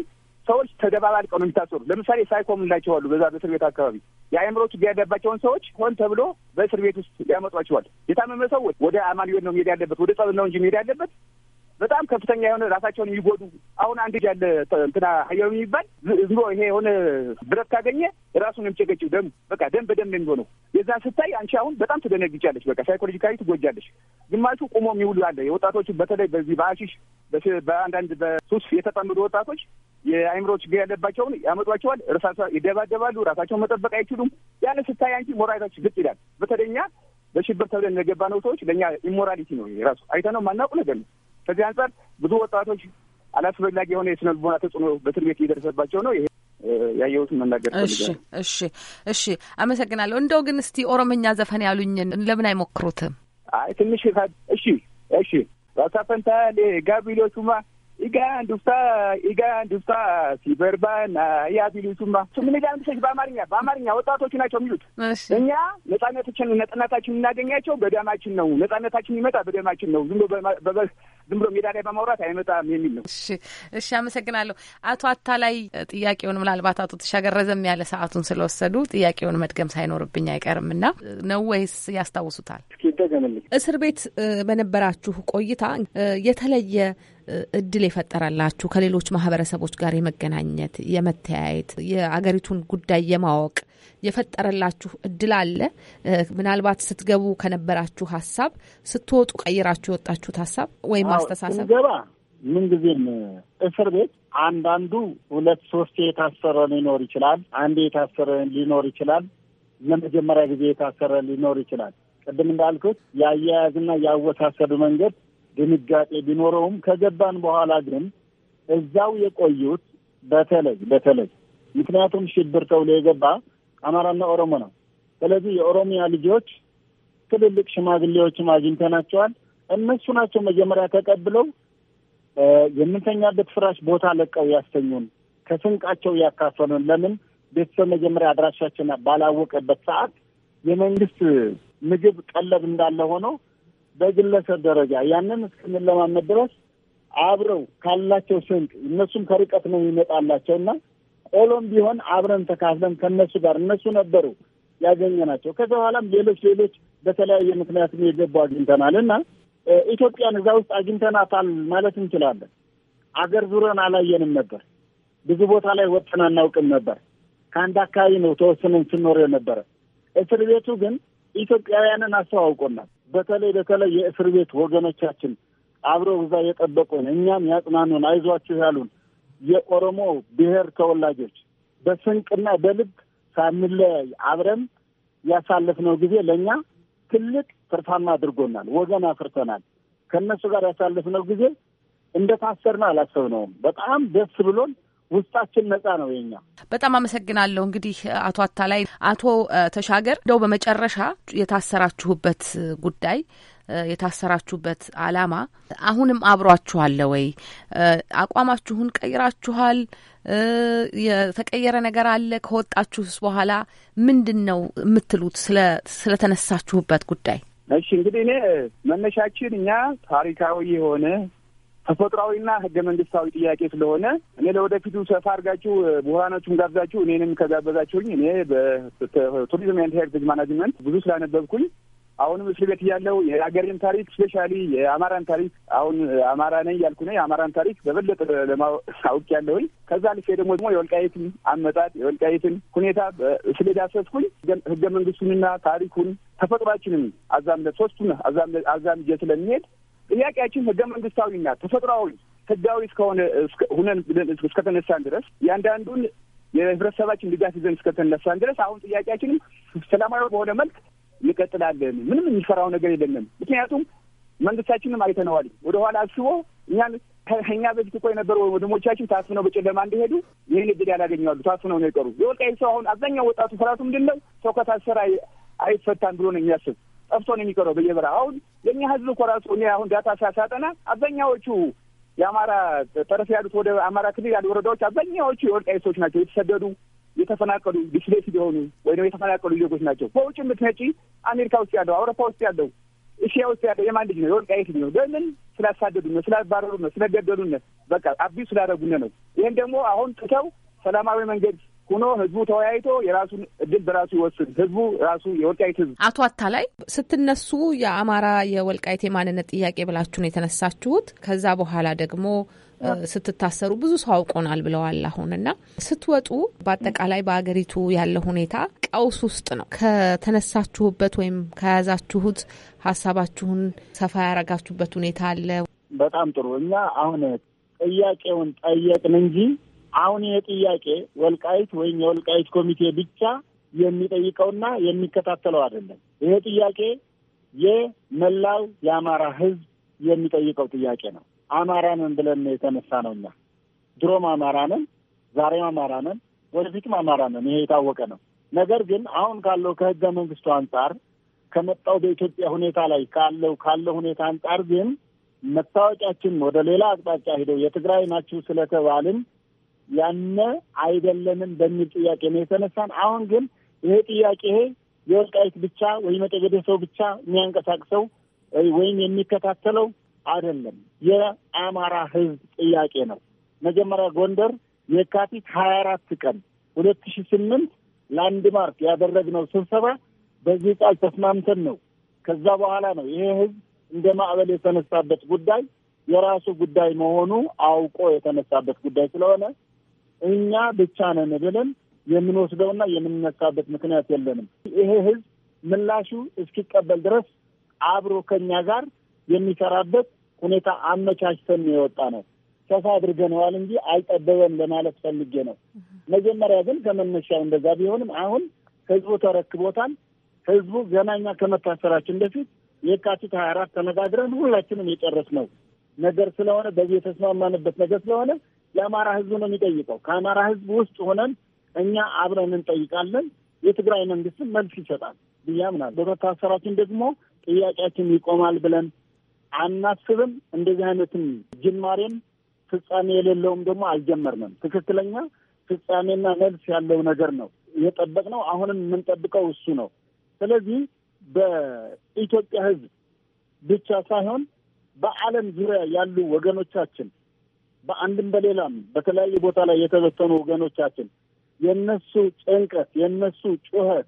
ሰዎች ተደባባልቀው ነው የሚታሰሩ። ለምሳሌ ሳይኮም የምንላቸው በዛ በእስር ቤት አካባቢ የአእምሮ ችግር ያለባቸውን ሰዎች ሆን ተብሎ በእስር ቤት ውስጥ ሊያመጧቸዋል። የታመመ ሰዎች ወደ አማኑኤል ነው መሄድ ያለበት፣ ወደ ጸብ ነው እንጂ መሄድ ያለበት በጣም ከፍተኛ የሆነ ራሳቸውን የሚጎዱ አሁን አንድ ያለ እንትና ሀያሉ የሚባል ዝሮ ይሄ የሆነ ብረት ካገኘ ራሱን የሚጨገጭው ደም በቃ ደም በደም የሚሆነው። የዛ ስታይ አንቺ አሁን በጣም ትደነግጫለች። በቃ ሳይኮሎጂካዊ ትጎጃለች። ግማሹ ቁሞ የሚውሉ አለ። የወጣቶቹ በተለይ በዚህ በአሺሽ በአንዳንድ በሱስ የተጠምዱ ወጣቶች የአይምሮ ችግር ያለባቸውን ያመጧቸዋል። ራሳቸው ይደባደባሉ። ራሳቸውን መጠበቅ አይችሉም። ያን ስታይ አንቺ ሞራታች ግጥ ይላል። በተለይ እኛ በሽብር ተብለን የገባነው ሰዎች ለእኛ ኢሞራሊቲ ነው ራሱ አይተነው ማናውቁ ነገር ነው። ከዚህ አንጻር ብዙ ወጣቶች አላስፈላጊ የሆነ የስነ ልቦና ተጽዕኖ በእስር ቤት እየደረሰባቸው ነው። ይሄ ያየሁትን መናገር እሺ፣ እሺ፣ እሺ፣ አመሰግናለሁ። እንደው ግን እስቲ ኦሮምኛ ዘፈን ያሉኝን ለምን አይሞክሩትም? አይ ትንሽ እሺ፣ እሺ፣ ባሳፈንታ ጋቢሎቹማ ኢጋያን ዱብታ ኢጋያን ዱብታ ሲበርባና ያቢሉቱማ ምን ይላል መሰለሽ በአማርኛ በአማርኛ ወጣቶቹ ናቸው የሚሉት። እኛ ነጻነታችን ነጻነታችን እናገኛቸው በደማችን ነው። ነጻነታችን ይመጣ በደማችን ነው። ዝም ብሎ ዝም ብሎ ሜዳ ላይ በማውራት አይመጣም የሚል ነው። እሺ፣ እሺ፣ አመሰግናለሁ አቶ አታላይ። ጥያቄውን ምናልባት አቶ ተሻገር ረዘም ያለ ሰዓቱን ስለወሰዱ ጥያቄውን መድገም ሳይኖርብኝ አይቀርም እና ነው ወይስ ያስታውሱታል? እስር ቤት በነበራችሁ ቆይታ የተለየ እድል የፈጠረላችሁ ከሌሎች ማህበረሰቦች ጋር የመገናኘት፣ የመተያየት፣ የአገሪቱን ጉዳይ የማወቅ የፈጠረላችሁ እድል አለ? ምናልባት ስትገቡ ከነበራችሁ ሀሳብ ስትወጡ ቀይራችሁ የወጣችሁት ሀሳብ ወይም አስተሳሰብ? ስንገባ ምንጊዜም እስር ቤት አንዳንዱ ሁለት ሶስት የታሰረ ሊኖር ይችላል። አንድ የታሰረ ሊኖር ይችላል። ለመጀመሪያ ጊዜ የታሰረ ሊኖር ይችላል። ቅድም እንዳልኩት የአያያዝና የአወሳሰዱ መንገድ ድንጋጤ ቢኖረውም ከገባን በኋላ ግን እዛው የቆዩት በተለይ በተለይ ምክንያቱም ሽብር ተብሎ የገባ አማራና ኦሮሞ ነው። ስለዚህ የኦሮሚያ ልጆች ትልልቅ ሽማግሌዎችም አግኝተናቸዋል። እነሱ ናቸው መጀመሪያ ተቀብለው የምንተኛበት ፍራሽ ቦታ ለቀው ያስተኙን፣ ከስንቃቸው ያካፈኑን። ለምን ቤተሰብ መጀመሪያ አድራሻችን ባላወቀበት ሰዓት የመንግስት ምግብ ቀለብ እንዳለ ሆነው በግለሰብ ደረጃ ያንን እስክንለማመድ ድረስ አብረው ካላቸው ስንቅ እነሱም ከርቀት ነው የሚመጣላቸው እና ቆሎም ቢሆን አብረን ተካፍለን ከነሱ ጋር እነሱ ነበሩ ያገኘ ናቸው። ከዚ በኋላም ሌሎች ሌሎች በተለያየ ምክንያትም የገቡ አግኝተናል እና ኢትዮጵያን እዛ ውስጥ አግኝተናታል ማለት እንችላለን። አገር ዙረን አላየንም ነበር። ብዙ ቦታ ላይ ወጥተን አናውቅም ነበር። ከአንድ አካባቢ ነው ተወስነን ስኖር የነበረ። እስር ቤቱ ግን ኢትዮጵያውያንን አስተዋውቆናል። በተለይ በተለይ የእስር ቤት ወገኖቻችን አብረው እዛ የጠበቁን እኛም ያጽናኑን አይዟችሁ ያሉን የኦሮሞ ብሔር ተወላጆች በስንቅና በልብ ሳንለያይ አብረን ያሳለፍነው ጊዜ ለእኛ ትልቅ ትርፋማ አድርጎናል። ወገን አፍርተናል። ከእነሱ ጋር ያሳለፍነው ጊዜ እንደ አላሰብነውም። በጣም ደስ ብሎን ውስጣችን ነጻ ነው የኛ። በጣም አመሰግናለሁ። እንግዲህ አቶ አታላይ፣ አቶ ተሻገር እንደው በመጨረሻ የታሰራችሁበት ጉዳይ የታሰራችሁበት አላማ አሁንም አብሯችኋለ ወይ? አቋማችሁን ቀይራችኋል? የተቀየረ ነገር አለ? ከወጣችሁስ በኋላ ምንድን ነው የምትሉት ስለተነሳችሁበት ጉዳይ? እሺ እንግዲህ እኔ መነሻችን እኛ ታሪካዊ የሆነ ተፈጥሯዊና ህገ መንግስታዊ ጥያቄ ስለሆነ እኔ ለወደፊቱ ሰፋ አድርጋችሁ ምሁራኖቹም ጋብዛችሁ እኔንም ከጋበዛችሁኝ እኔ በቱሪዝም ኤንድ ሄሪቴጅ ማናጅመንት ብዙ ስላነበብኩኝ አሁንም እስር ቤት እያለሁ የሀገሬን ታሪክ ስፔሻሊ የአማራን ታሪክ አሁን አማራ ነኝ እያልኩ ነ የአማራን ታሪክ በበለጠ ለማውቅ ያለሁኝ ከዛ ልፌ ደግሞ ደግሞ የወልቃይትን አመጣጥ የወልቃይትን ሁኔታ ስለዳሰስኩኝ ህገ መንግስቱንና ታሪኩን ተፈጥሯችንም አዛምለ ሶስቱን አዛምጀ ስለሚሄድ ጥያቄያችን ህገ መንግስታዊና ተፈጥሯዊ ህጋዊ እስከሆነ ሁነን እስከተነሳን ድረስ ያንዳንዱን የህብረተሰባችን ድጋፍ ይዘን እስከተነሳን ድረስ አሁን ጥያቄያችንም ሰላማዊ በሆነ መልክ እንቀጥላለን። ምንም የሚፈራው ነገር የለንም። ምክንያቱም መንግስታችንም አይተነዋል። ወደኋላ አስቦ እኛን ከኛ በፊት እኮ የነበሩ ወንድሞቻችን ታፍነው በጨለማ እንደሄዱ ይህን እድል ያላገኘዋሉ። ታፍነው ነው የቀሩ። የወልቃይት ሰው አሁን አብዛኛው ወጣቱ ፍራቱ ምንድን ነው? ሰው ከታሰረ አይፈታም ብሎ ነው የሚያስብ። ጠፍቶ ነው የሚቀረው በየበራ አሁን የኛ ህዝብ እኮ ራሱ እኔ አሁን ዳታ ሲያሳጠና አብዛኛዎቹ የአማራ ጠረፍ ያሉት ወደ አማራ ክልል ያሉ ወረዳዎች አብዛኛዎቹ የወልቃይት ሰዎች ናቸው የተሰደዱ የተፈናቀሉ ዲስሌት ሊሆኑ ወይም የተፈናቀሉ ዜጎች ናቸው። በውጭ የምትመጪ አሜሪካ ውስጥ ያለው አውሮፓ ውስጥ ያለው እስያ ውስጥ ያለው የማን ልጅ ነው? የወልቃይት ልጅ ነው። ለምን? ነው፣ ስለገደሉ ስለገደሉነ፣ በቃ አቢው ስላደረጉነ ነው። ይህን ደግሞ አሁን ትተው ሰላማዊ መንገድ ሁኖ ህዝቡ ተወያይቶ የራሱን እድል በራሱ ይወስን። ህዝቡ ራሱ የወልቃይት ህዝብ። አቶ አታላይ ስትነሱ የአማራ የወልቃይት የማንነት ጥያቄ ብላችሁን የተነሳችሁት። ከዛ በኋላ ደግሞ ስትታሰሩ ብዙ ሰው አውቆናል ብለዋል። አሁን እና ስትወጡ በአጠቃላይ በአገሪቱ ያለ ሁኔታ ቀውስ ውስጥ ነው። ከተነሳችሁበት ወይም ከያዛችሁት ሀሳባችሁን ሰፋ ያረጋችሁበት ሁኔታ አለ? በጣም ጥሩ። እኛ አሁን ጥያቄውን ጠየቅን እንጂ አሁን ይሄ ጥያቄ ወልቃይት ወይም የወልቃይት ኮሚቴ ብቻ የሚጠይቀውና የሚከታተለው አይደለም። ይሄ ጥያቄ የመላው የአማራ ሕዝብ የሚጠይቀው ጥያቄ ነው። አማራ ነን ብለን የተነሳ ነው። እኛ ድሮም አማራ ነን፣ ዛሬም አማራ ነን፣ ወደፊትም አማራ ነን። ይሄ የታወቀ ነው። ነገር ግን አሁን ካለው ከህገ መንግስቱ አንጻር ከመጣው በኢትዮጵያ ሁኔታ ላይ ካለው ካለው ሁኔታ አንጻር ግን መታወቂያችን ወደ ሌላ አቅጣጫ ሂደው የትግራይ ናችሁ ስለተባልን ያነ አይደለንም በሚል ጥያቄ ነው የተነሳን። አሁን ግን ይሄ ጥያቄ ይሄ የወልቃይት ብቻ ወይም የጠገዴ ሰው ብቻ የሚያንቀሳቅሰው ወይም የሚከታተለው አይደለም። የአማራ ህዝብ ጥያቄ ነው። መጀመሪያ ጎንደር የካቲት ሀያ አራት ቀን ሁለት ሺ ስምንት ላንድማርክ ያደረግነው ስብሰባ በዚህ ቃል ተስማምተን ነው። ከዛ በኋላ ነው ይሄ ህዝብ እንደ ማዕበል የተነሳበት ጉዳይ የራሱ ጉዳይ መሆኑ አውቆ የተነሳበት ጉዳይ ስለሆነ እኛ ብቻ ነን ብለን የምንወስደውና የምንነካበት ምክንያት የለንም። ይሄ ህዝብ ምላሹ እስኪቀበል ድረስ አብሮ ከኛ ጋር የሚሰራበት ሁኔታ አመቻችተን የወጣ ነው። ሰፋ አድርገነዋል እንጂ አይጠበበም ለማለት ፈልጌ ነው። መጀመሪያ ግን ከመነሻው እንደዛ ቢሆንም አሁን ህዝቡ ተረክቦታል። ህዝቡ ገናኛ ከመታሰራችን በፊት የካቲት ሀያ አራት ተነጋግረን ሁላችንም የጨረስ ነው ነገር ስለሆነ በዚህ የተስማማንበት ነገር ስለሆነ የአማራ ህዝብ ነው የሚጠይቀው። ከአማራ ህዝብ ውስጥ ሆነን እኛ አብረን እንጠይቃለን። የትግራይ መንግስትም መልስ ይሰጣል ብዬ አምናለሁ። በመታሰራችን ደግሞ ጥያቄያችን ይቆማል ብለን አናስብም። እንደዚህ አይነትም ጅማሬም ፍጻሜ የሌለውም ደግሞ አልጀመርንም። ትክክለኛ ፍጻሜና መልስ ያለው ነገር ነው የጠበቅነው። አሁንም የምንጠብቀው እሱ ነው። ስለዚህ በኢትዮጵያ ህዝብ ብቻ ሳይሆን በዓለም ዙሪያ ያሉ ወገኖቻችን በአንድም በሌላም በተለያየ ቦታ ላይ የተበተኑ ወገኖቻችን የነሱ ጭንቀት የነሱ ጩኸት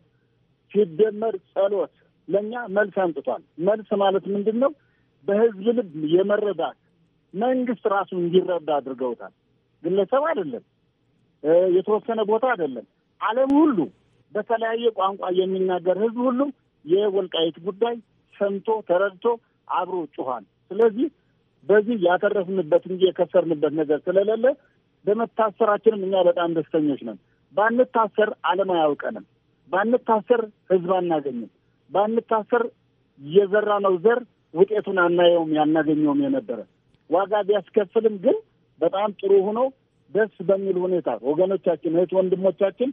ሲደመር ጸሎት ለእኛ መልስ አምጥቷል። መልስ ማለት ምንድን ነው? በህዝብ ልብ የመረዳት መንግስት ራሱ እንዲረዳ አድርገውታል። ግለሰብ አይደለም፣ የተወሰነ ቦታ አይደለም፣ ዓለም ሁሉ በተለያየ ቋንቋ የሚናገር ህዝብ ሁሉ የወልቃይት ጉዳይ ሰምቶ ተረድቶ አብሮ ጩኋል። ስለዚህ በዚህ ያተረፍንበት እንጂ የከሰርንበት ነገር ስለሌለ በመታሰራችንም እኛ በጣም ደስተኞች ነን። ባንታሰር ዓለም አያውቀንም። ባንታሰር ህዝብ አናገኝም። ባንታሰር ነው ዘር ውጤቱን አናየውም፣ ያናገኘውም የነበረ ዋጋ ቢያስከፍልም ግን በጣም ጥሩ ሆኖ ደስ በሚል ሁኔታ ወገኖቻችን፣ እህት ወንድሞቻችን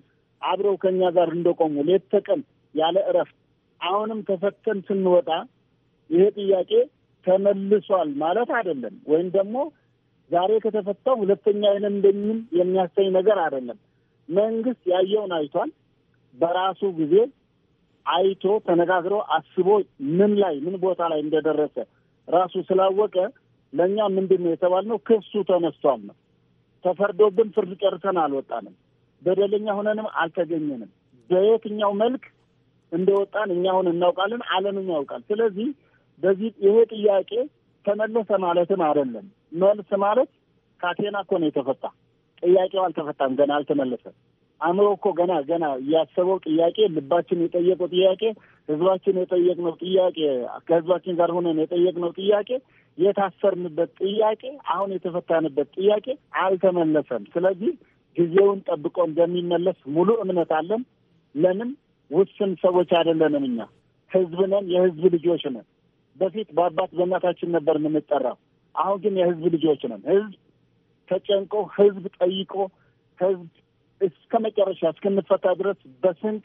አብረው ከኛ ጋር እንደቆሙ ሌት ተቀን ያለ እረፍት አሁንም ተፈተን ስንወጣ ይሄ ጥያቄ ተመልሷል ማለት አይደለም። ወይም ደግሞ ዛሬ ከተፈታው ሁለተኛ አይለምደኝም የሚያሰኝ ነገር አይደለም። መንግስት ያየውን አይቷል። በራሱ ጊዜ አይቶ ተነጋግሮ አስቦ ምን ላይ ምን ቦታ ላይ እንደደረሰ ራሱ ስላወቀ ለእኛ ምንድን ነው የተባልነው? ክሱ ተነስቷል ነው። ተፈርዶብን ፍርድ ጨርሰን አልወጣንም። በደለኛ ሆነንም አልተገኘንም። በየትኛው መልክ እንደወጣን እኛ አሁን እናውቃለን፣ ዓለምም ያውቃል። ስለዚህ በዚህ ይሄ ጥያቄ ተመለሰ ማለትም አይደለም። መልስ ማለት ካቴና እኮ ነው የተፈታ። ጥያቄው አልተፈታም፣ ገና አልተመለሰም። አእምሮ እኮ ገና ገና እያሰበው ጥያቄ ልባችን የጠየቀው ጥያቄ ህዝባችን የጠየቅነው ጥያቄ ከህዝባችን ጋር ሆነን የጠየቅነው ጥያቄ የታሰርንበት ጥያቄ አሁን የተፈታንበት ጥያቄ አልተመለሰም። ስለዚህ ጊዜውን ጠብቆ እንደሚመለስ ሙሉ እምነት አለን። ለምን ውስን ሰዎች አይደለንም። እኛ ህዝብ ነን፣ የህዝብ ልጆች ነን። በፊት በአባት በእናታችን ነበር የምንጠራው። አሁን ግን የህዝብ ልጆች ነን። ህዝብ ተጨንቆ ህዝብ ጠይቆ ህዝብ እስከ መጨረሻ እስክንፈታ ድረስ በስንቅ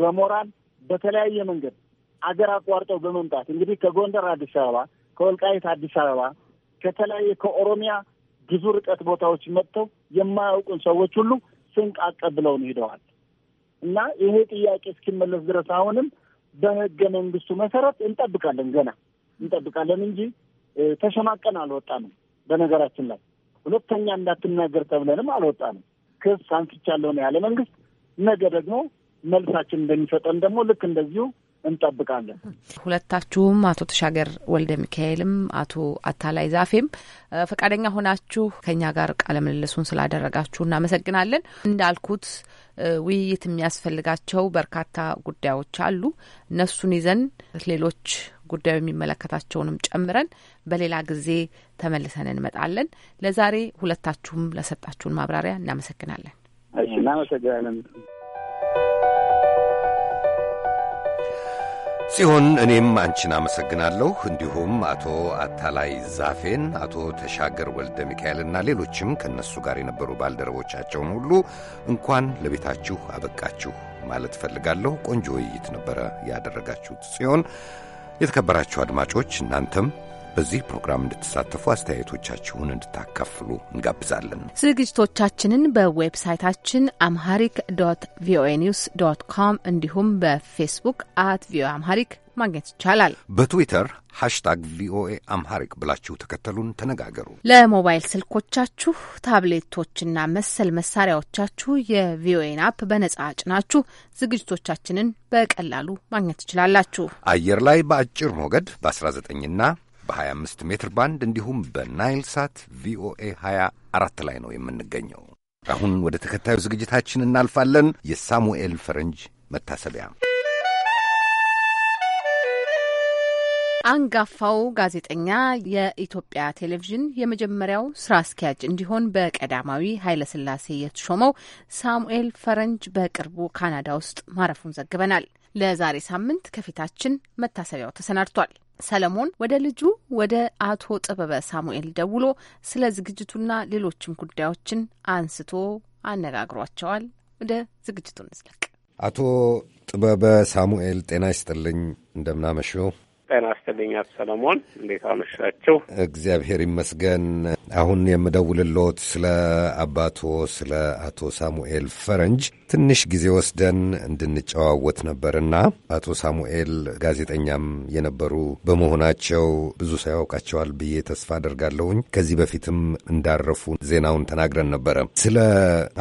በሞራል በተለያየ መንገድ አገር አቋርጠው በመምጣት እንግዲህ ከጎንደር አዲስ አበባ፣ ከወልቃይት አዲስ አበባ፣ ከተለያየ ከኦሮሚያ ብዙ ርቀት ቦታዎች መጥተው የማያውቁን ሰዎች ሁሉ ስንቅ አቀብለውን ሄደዋል እና ይሄ ጥያቄ እስኪመለስ ድረስ አሁንም በህገ መንግስቱ መሰረት እንጠብቃለን ገና እንጠብቃለን እንጂ ተሸማቀን አልወጣንም። በነገራችን ላይ ሁለተኛ እንዳትናገር ተብለንም አልወጣንም። ክስ አንስቻለሁ ነው ያለ መንግስት። ነገ ደግሞ መልሳችን እንደሚሰጠን ደግሞ ልክ እንደዚሁ እንጠብቃለን። ሁለታችሁም አቶ ተሻገር ወልደ ሚካኤልም አቶ አታላይ ዛፌም ፈቃደኛ ሆናችሁ ከኛ ጋር ቃለ ምልልሱን ስላደረጋችሁ እናመሰግናለን። እንዳልኩት ውይይት የሚያስፈልጋቸው በርካታ ጉዳዮች አሉ። እነሱን ይዘን ሌሎች ጉዳዩ የሚመለከታቸውንም ጨምረን በሌላ ጊዜ ተመልሰን እንመጣለን። ለዛሬ ሁለታችሁም ለሰጣችሁን ማብራሪያ እናመሰግናለን። እናመሰግናለን። ሲሆን እኔም አንቺን አመሰግናለሁ። እንዲሁም አቶ አታላይ ዛፌን፣ አቶ ተሻገር ወልደ ሚካኤልና ሌሎችም ከእነሱ ጋር የነበሩ ባልደረቦቻቸውን ሁሉ እንኳን ለቤታችሁ አበቃችሁ ማለት ፈልጋለሁ። ቆንጆ ውይይት ነበረ ያደረጋችሁት ሲሆን የተከበራችሁ አድማጮች እናንተም በዚህ ፕሮግራም እንድትሳተፉ አስተያየቶቻችሁን እንድታካፍሉ እንጋብዛለን። ዝግጅቶቻችንን በዌብሳይታችን አምሃሪክ ዶት ቪኦኤ ኒውስ ዶት ኮም እንዲሁም በፌስቡክ አት ቪኦኤ አምሃሪክ ማግኘት ይቻላል። በትዊተር ሃሽታግ ቪኦኤ አምሃሪክ ብላችሁ ተከተሉን፣ ተነጋገሩ። ለሞባይል ስልኮቻችሁ ታብሌቶችና መሰል መሳሪያዎቻችሁ የቪኦኤን አፕ በነጻ አጭናችሁ ዝግጅቶቻችንን በቀላሉ ማግኘት ትችላላችሁ። አየር ላይ በአጭር ሞገድ በ19ና በ25 ሜትር ባንድ እንዲሁም በናይል ሳት ቪኦኤ 24 ላይ ነው የምንገኘው። አሁን ወደ ተከታዩ ዝግጅታችን እናልፋለን። የሳሙኤል ፈረንጅ መታሰቢያ አንጋፋው ጋዜጠኛ የኢትዮጵያ ቴሌቪዥን የመጀመሪያው ስራ አስኪያጅ እንዲሆን በቀዳማዊ ኃይለስላሴ የተሾመው ሳሙኤል ፈረንጅ በቅርቡ ካናዳ ውስጥ ማረፉን ዘግበናል። ለዛሬ ሳምንት ከፊታችን መታሰቢያው ተሰናድቷል። ሰለሞን ወደ ልጁ ወደ አቶ ጥበበ ሳሙኤል ደውሎ ስለ ዝግጅቱና ሌሎችም ጉዳዮችን አንስቶ አነጋግሯቸዋል። ወደ ዝግጅቱ እንዝለቅ። አቶ ጥበበ ሳሙኤል ጤና ይስጥልኝ፣ እንደምናመሸው ጤና ይስጥልኝ ሰለሞን፣ እንዴት አመሻችሁ? እግዚአብሔር ይመስገን። አሁን የምደውልልዎት ስለ አባቶ ስለ አቶ ሳሙኤል ፈረንጅ ትንሽ ጊዜ ወስደን እንድንጨዋወት ነበርና አቶ ሳሙኤል ጋዜጠኛም የነበሩ በመሆናቸው ብዙ ሰው ያውቃቸዋል ብዬ ተስፋ አደርጋለሁኝ። ከዚህ በፊትም እንዳረፉ ዜናውን ተናግረን ነበረ። ስለ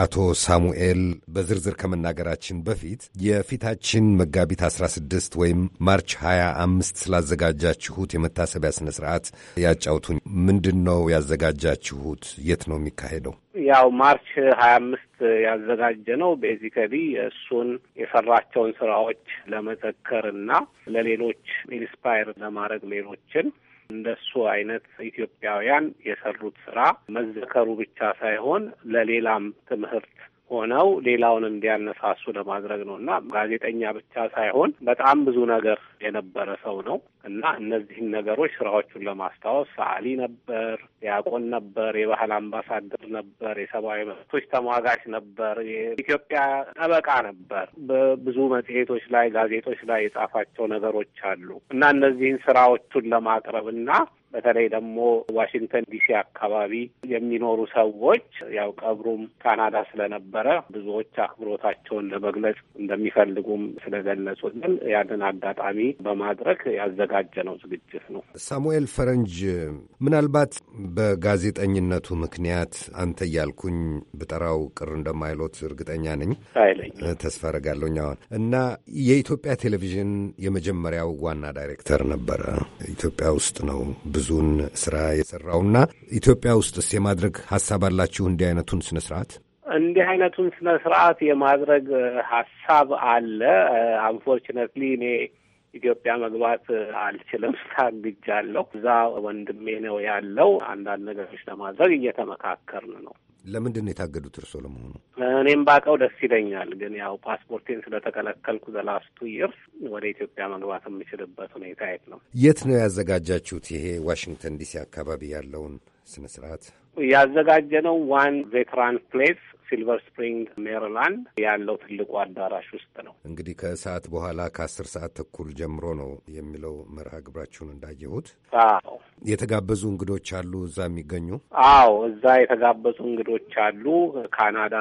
አቶ ሳሙኤል በዝርዝር ከመናገራችን በፊት የፊታችን መጋቢት 16 ወይም ማርች 25 ስላዘጋጃችሁት የመታሰቢያ ስነ ስርዓት ያጫውቱኝ። ምንድን ነው ያዘጋጃችሁት? የት ነው የሚካሄደው? ያው ማርች ሀያ አምስት ያዘጋጀ ነው። ቤዚካሊ እሱን የሰራቸውን ስራዎች ለመዘከር እና ለሌሎች ኢንስፓየር ለማድረግ ሌሎችን እንደሱ አይነት ኢትዮጵያውያን የሰሩት ስራ መዘከሩ ብቻ ሳይሆን ለሌላም ትምህርት ሆነው ሌላውን እንዲያነሳሱ ለማድረግ ነው እና ጋዜጠኛ ብቻ ሳይሆን በጣም ብዙ ነገር የነበረ ሰው ነው እና እነዚህን ነገሮች ስራዎቹን ለማስታወስ ሰዓሊ ነበር፣ ዲያቆን ነበር፣ የባህል አምባሳደር ነበር፣ የሰብአዊ መብቶች ተሟጋች ነበር፣ የኢትዮጵያ ጠበቃ ነበር። በብዙ መጽሔቶች ላይ፣ ጋዜጦች ላይ የጻፋቸው ነገሮች አሉ እና እነዚህን ስራዎቹን ለማቅረብ እና በተለይ ደግሞ ዋሽንግተን ዲሲ አካባቢ የሚኖሩ ሰዎች ያው ቀብሩም ካናዳ ስለነበረ ብዙዎች አክብሮታቸውን ለመግለጽ እንደሚፈልጉም ስለገለጹልን ያንን አጋጣሚ በማድረግ ያዘጋጀ ነው ዝግጅት ነው። ሳሙኤል ፈረንጅ፣ ምናልባት በጋዜጠኝነቱ ምክንያት አንተ እያልኩኝ ብጠራው ቅር እንደማይሎት እርግጠኛ ነኝ። ተስፋ አረጋለሁኝ። አሁን እና የኢትዮጵያ ቴሌቪዥን የመጀመሪያው ዋና ዳይሬክተር ነበረ። ኢትዮጵያ ውስጥ ነው የሚያግዙን ስራ የሰራውና ኢትዮጵያ ውስጥ የማድረግ ሀሳብ አላችሁ እንዲህ አይነቱን ስነ ስርዓት? እንዲህ አይነቱን ስነ ስርዓት የማድረግ ሀሳብ አለ። አንፎርችነትሊ እኔ ኢትዮጵያ መግባት አልችልም፣ ታግጃለሁ። እዛ ወንድሜ ነው ያለው። አንዳንድ ነገሮች ለማድረግ እየተመካከርን ነው። ለምንድን ነው የታገዱት እርሶ ለመሆኑ? እኔም ባውቀው ደስ ይለኛል፣ ግን ያው ፓስፖርቴን ስለተከለከልኩ ዘላስቱ ይርስ ወደ ኢትዮጵያ መግባት የምችልበት ሁኔታ የት ነው? የት ነው ያዘጋጃችሁት? ይሄ ዋሽንግተን ዲሲ አካባቢ ያለውን ስነ ስርዓት ያዘጋጀ ነው ዋን ቬትራን ፕሌስ ሲልቨር ስፕሪንግ ሜሪላንድ ያለው ትልቁ አዳራሽ ውስጥ ነው። እንግዲህ ከሰዓት በኋላ ከአስር ሰዓት ተኩል ጀምሮ ነው የሚለው መርሃ ግብራችሁን እንዳየሁት። አዎ የተጋበዙ እንግዶች አሉ እዛ የሚገኙ? አዎ እዛ የተጋበዙ እንግዶች አሉ። ካናዳ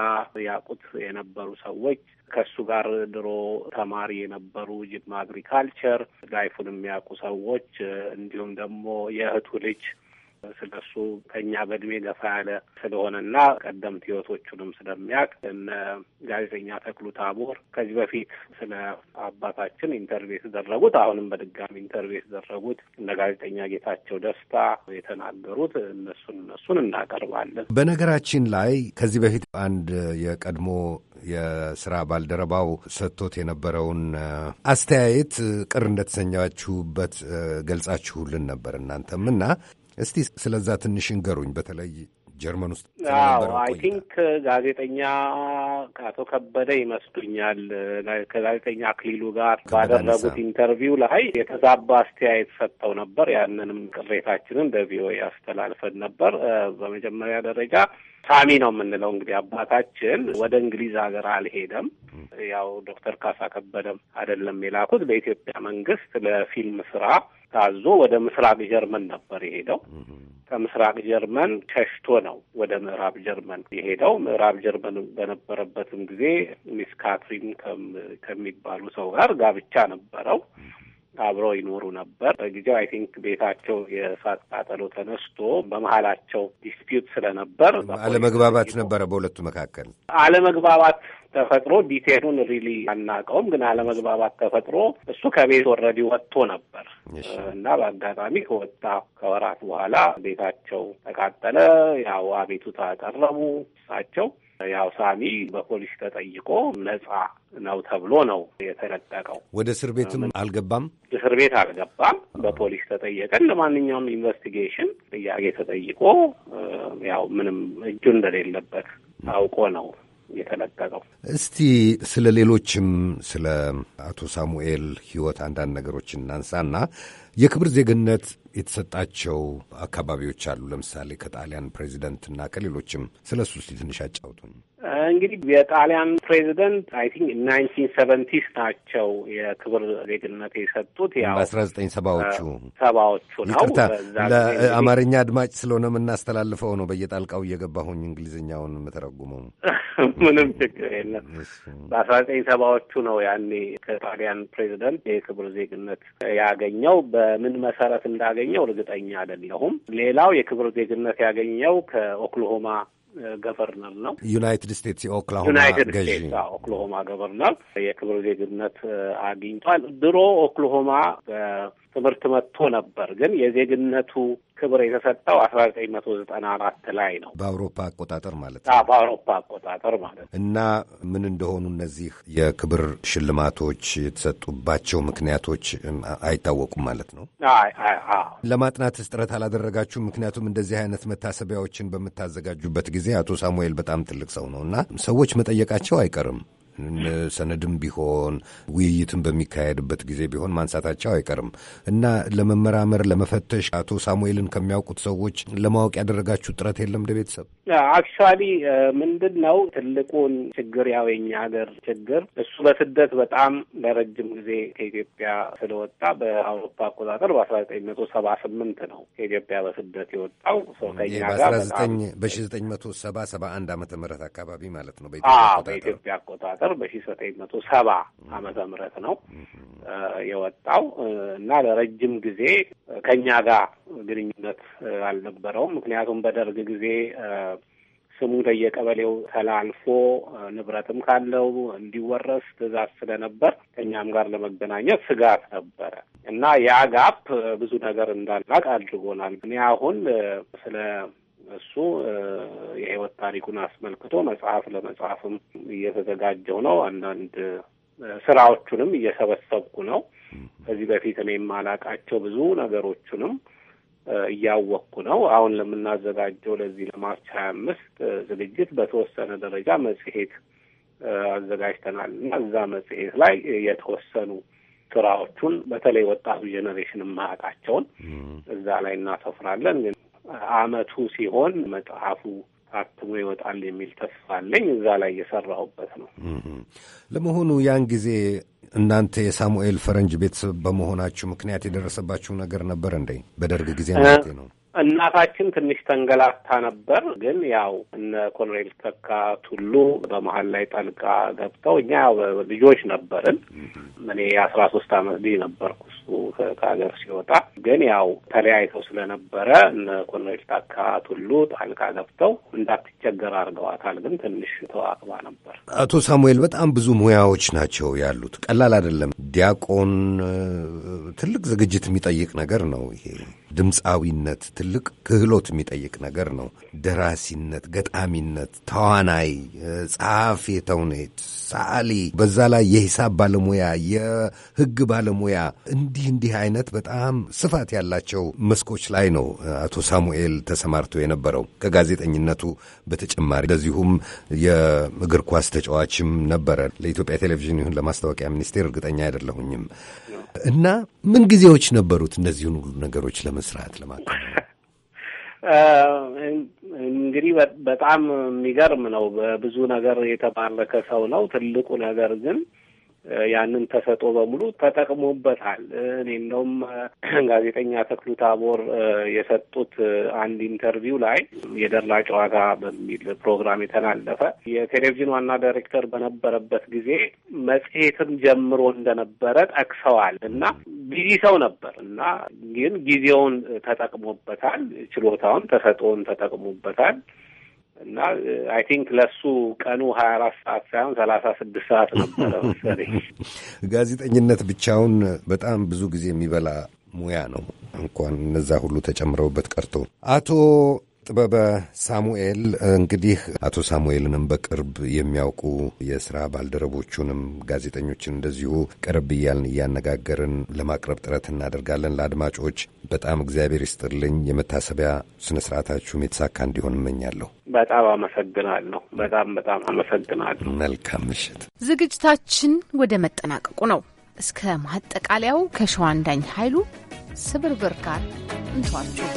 ያውቁት የነበሩ ሰዎች ከእሱ ጋር ድሮ ተማሪ የነበሩ ጅማ አግሪካልቸር ላይፉን የሚያውቁ ሰዎች እንዲሁም ደግሞ የእህቱ ልጅ ስለ እሱ ከኛ በእድሜ ገፋ ያለ ስለሆነና ቀደምት ህይወቶቹንም ስለሚያውቅ እነ ጋዜጠኛ ተክሉ ታቦር ከዚህ በፊት ስለ አባታችን ኢንተርቪው የተደረጉት አሁንም በድጋሚ ኢንተርቪው የተደረጉት እነ ጋዜጠኛ ጌታቸው ደስታ የተናገሩት እነሱን እነሱን እናቀርባለን። በነገራችን ላይ ከዚህ በፊት አንድ የቀድሞ የስራ ባልደረባው ሰጥቶት የነበረውን አስተያየት ቅር እንደተሰኛችሁበት ገልጻችሁልን ነበር እናንተም እና እስቲ ስለዛ ትንሽ እንገሩኝ። በተለይ ጀርመን ውስጥ አይ ቲንክ ጋዜጠኛ አቶ ከበደ ይመስሉኛል ከጋዜጠኛ አክሊሉ ጋር ባደረጉት ኢንተርቪው ላይ የተዛባ አስተያየት ሰጥተው ነበር። ያንንም ቅሬታችንን ለቪኦኤ ያስተላልፈን ነበር። በመጀመሪያ ደረጃ ሳሚ ነው የምንለው እንግዲህ አባታችን ወደ እንግሊዝ ሀገር አልሄደም። ያው ዶክተር ካሳ ከበደም አይደለም የላኩት በኢትዮጵያ መንግስት ለፊልም ስራ ታዞ ወደ ምስራቅ ጀርመን ነበር የሄደው። ከምስራቅ ጀርመን ከሽቶ ነው ወደ ምዕራብ ጀርመን የሄደው። ምዕራብ ጀርመን በነበረበትም ጊዜ ሚስ ካትሪን ከሚባሉ ሰው ጋር ጋብቻ ነበረው። አብረው ይኖሩ ነበር። በጊዜው አይ ቲንክ ቤታቸው የእሳት ቃጠሎ ተነስቶ በመሀላቸው ዲስፒዩት ስለነበር አለመግባባት ነበረ፣ በሁለቱ መካከል አለመግባባት ተፈጥሮ ዲቴሉን ሪሊ አናውቀውም፣ ግን አለመግባባት ተፈጥሮ እሱ ከቤት ወረዲ ወጥቶ ነበር እና በአጋጣሚ ከወጣ ከወራት በኋላ ቤታቸው ተቃጠለ። ያው አቤቱታ አቀረቡ እሳቸው ያው ሳሚ በፖሊስ ተጠይቆ ነጻ ነው ተብሎ ነው የተለቀቀው። ወደ እስር ቤትም አልገባም። እስር ቤት አልገባም። በፖሊስ ተጠየቀ። ለማንኛውም ኢንቨስቲጌሽን ጥያቄ ተጠይቆ ያው ምንም እጁ እንደሌለበት ታውቆ ነው የተለቀቀው። እስቲ ስለ ሌሎችም ስለ አቶ ሳሙኤል ህይወት አንዳንድ ነገሮች እናንሳና የክብር ዜግነት የተሰጣቸው አካባቢዎች አሉ። ለምሳሌ ከጣሊያን ፕሬዚደንትና ከሌሎችም ስለ እሱ እስቲ ትንሽ አጫውቱን። እንግዲህ የጣሊያን ፕሬዚደንት አይ ቲንክ ናይንቲን ሰቨንቲስ ናቸው የክብር ዜግነት የሰጡት ያው በአስራ ዘጠኝ ሰባዎቹ ሰባዎቹ ነው። ይቅርታ ለአማርኛ አድማጭ ስለሆነ የምናስተላልፈው ነው። በየጣልቃው እየገባሁኝ እንግሊዝኛውን የምተረጉመው <laughs> ምንም ችግር የለም። በአስራ ዘጠኝ ሰባዎቹ ነው ያኔ ከጣሊያን ፕሬዚደንት የክብር ዜግነት ያገኘው። በምን መሰረት እንዳገኘው እርግጠኛ አይደለሁም። ሌላው የክብር ዜግነት ያገኘው ከኦክሎሆማ ገቨርነር ነው። ዩናይትድ ስቴትስ የኦክላሆማ ስቴትስ ኦክላሆማ ገቨርነር የክብር ዜግነት አግኝቷል። ድሮ ኦክላሆማ ትምህርት መጥቶ ነበር፣ ግን የዜግነቱ ክብር የተሰጠው አስራ ዘጠኝ መቶ ዘጠና አራት ላይ ነው በአውሮፓ አቆጣጠር ማለት ነው። በአውሮፓ አቆጣጠር ማለት ነው። እና ምን እንደሆኑ እነዚህ የክብር ሽልማቶች የተሰጡባቸው ምክንያቶች አይታወቁም ማለት ነው። ለማጥናትስ ጥረት አላደረጋችሁ? ምክንያቱም እንደዚህ አይነት መታሰቢያዎችን በምታዘጋጁበት ጊዜ አቶ ሳሙኤል በጣም ትልቅ ሰው ነው እና ሰዎች መጠየቃቸው አይቀርም። ሰነድም ቢሆን ውይይትም በሚካሄድበት ጊዜ ቢሆን ማንሳታቸው አይቀርም እና ለመመራመር ለመፈተሽ አቶ ሳሙኤልን ከሚያውቁት ሰዎች ለማወቅ ያደረጋችሁ ጥረት የለም? እንደ ቤተሰብ አክቹዋሊ ምንድን ነው ትልቁን ችግር ያው የኛ ሀገር ችግር እሱ በስደት በጣም ለረጅም ጊዜ ከኢትዮጵያ ስለወጣ በአውሮፓ አቆጣጠር በአስራ ዘጠኝ መቶ ሰባ ስምንት ነው ከኢትዮጵያ በስደት የወጣው ሰው ከኛ ጋር በሺ ዘጠኝ መቶ ሰባ ሰባ አንድ አመተ ምህረት አካባቢ ማለት ነው በኢትዮጵያ አቆጣጠር አቆጣጠር በሺ ዘጠኝ መቶ ሰባ አመተ ምህረት ነው የወጣው እና ለረጅም ጊዜ ከኛ ጋር ግንኙነት አልነበረውም። ምክንያቱም በደርግ ጊዜ ስሙ ለየቀበሌው ተላልፎ ንብረትም ካለው እንዲወረስ ትዕዛዝ ስለነበር ከእኛም ጋር ለመገናኘት ስጋት ነበረ እና ያ ጋፕ ብዙ ነገር እንዳናቅ አድርጎናል። እኔ አሁን ስለ እሱ የህይወት ታሪኩን አስመልክቶ መጽሐፍ ለመጽሐፍም እየተዘጋጀው ነው። አንዳንድ ስራዎቹንም እየሰበሰብኩ ነው። ከዚህ በፊት እኔ የማላቃቸው ብዙ ነገሮቹንም እያወቅኩ ነው። አሁን ለምናዘጋጀው ለዚህ ለማርች ሀያ አምስት ዝግጅት በተወሰነ ደረጃ መጽሔት አዘጋጅተናል እና እዛ መጽሔት ላይ የተወሰኑ ስራዎቹን በተለይ ወጣቱ ጄኔሬሽን የማያውቃቸውን እዛ ላይ እናሰፍራለን። አመቱ ሲሆን መጽሐፉ ታትሞ ይወጣል የሚል ተስፋ አለኝ። እዛ ላይ የሰራሁበት ነው። ለመሆኑ ያን ጊዜ እናንተ የሳሙኤል ፈረንጅ ቤተሰብ በመሆናችሁ ምክንያት የደረሰባችሁ ነገር ነበር እንዴ? በደርግ ጊዜ ነው። እናታችን ትንሽ ተንገላታ ነበር። ግን ያው እነ ኮሎኔል ተካ ቱሉ በመሀል ላይ ጠልቃ ገብተው እኛ ያው ልጆች ነበርን። እኔ የአስራ ሶስት አመት ልጅ ነበርኩ እሱ ከሀገር ሲወጣ። ግን ያው ተለያይተው ስለነበረ እነ ኮሎኔል ተካ ቱሉ ጣልቃ ገብተው እንዳትቸገር አድርገዋታል። ግን ትንሽ ተዋቅባ ነበር። አቶ ሳሙኤል በጣም ብዙ ሙያዎች ናቸው ያሉት፣ ቀላል አይደለም። ዲያቆን ትልቅ ዝግጅት የሚጠይቅ ነገር ነው ይሄ ድምፃዊነት ትልቅ ክህሎት የሚጠይቅ ነገር ነው። ደራሲነት፣ ገጣሚነት፣ ተዋናይ፣ ጸሐፊ ተውኔት፣ ሰዓሊ፣ በዛ ላይ የሂሳብ ባለሙያ፣ የህግ ባለሙያ እንዲህ እንዲህ አይነት በጣም ስፋት ያላቸው መስኮች ላይ ነው አቶ ሳሙኤል ተሰማርቶ የነበረው ከጋዜጠኝነቱ በተጨማሪ እንደዚሁም የእግር ኳስ ተጫዋችም ነበረ። ለኢትዮጵያ ቴሌቪዥን ይሁን ለማስታወቂያ ሚኒስቴር እርግጠኛ አይደለሁኝም እና ምን ጊዜዎች ነበሩት እነዚህን ሁሉ ነገሮች ለመስራት ለማቀ እንግዲህ በጣም የሚገርም ነው። በብዙ ነገር የተባረከ ሰው ነው። ትልቁ ነገር ግን ያንን ተሰጦ በሙሉ ተጠቅሞበታል። እኔ እንደውም ጋዜጠኛ ተክሉ ታቦር የሰጡት አንድ ኢንተርቪው ላይ የደላ ጨዋታ በሚል ፕሮግራም የተላለፈ የቴሌቪዥን ዋና ዳይሬክተር በነበረበት ጊዜ መጽሔትም ጀምሮ እንደነበረ ጠቅሰዋል እና ቢዚ ሰው ነበር እና ግን ጊዜውን ተጠቅሞበታል። ችሎታውን ተሰጥኦን ተጠቅሞበታል እና አይ ቲንክ ለሱ ቀኑ ሀያ አራት ሰዓት ሳይሆን ሰላሳ ስድስት ሰዓት ነበረ መሰለኝ። <laughs> ጋዜጠኝነት ብቻውን በጣም ብዙ ጊዜ የሚበላ ሙያ ነው እንኳን እነዛ ሁሉ ተጨምረውበት ቀርቶ አቶ ጥበበ ሳሙኤል እንግዲህ አቶ ሳሙኤልንም በቅርብ የሚያውቁ የስራ ባልደረቦቹንም ጋዜጠኞችን እንደዚሁ ቀረብ እያልን እያነጋገርን ለማቅረብ ጥረት እናደርጋለን። ለአድማጮች በጣም እግዚአብሔር ይስጥልኝ። የመታሰቢያ ስነ ስርዓታችሁም የተሳካ እንዲሆን እመኛለሁ። በጣም አመሰግናለሁ። በጣም በጣም አመሰግናለሁ። መልካም ምሽት። ዝግጅታችን ወደ መጠናቀቁ ነው። እስከ ማጠቃለያው ከሸዋንዳኝ ኃይሉ ስብርብር ጋር እንተዋችሁ።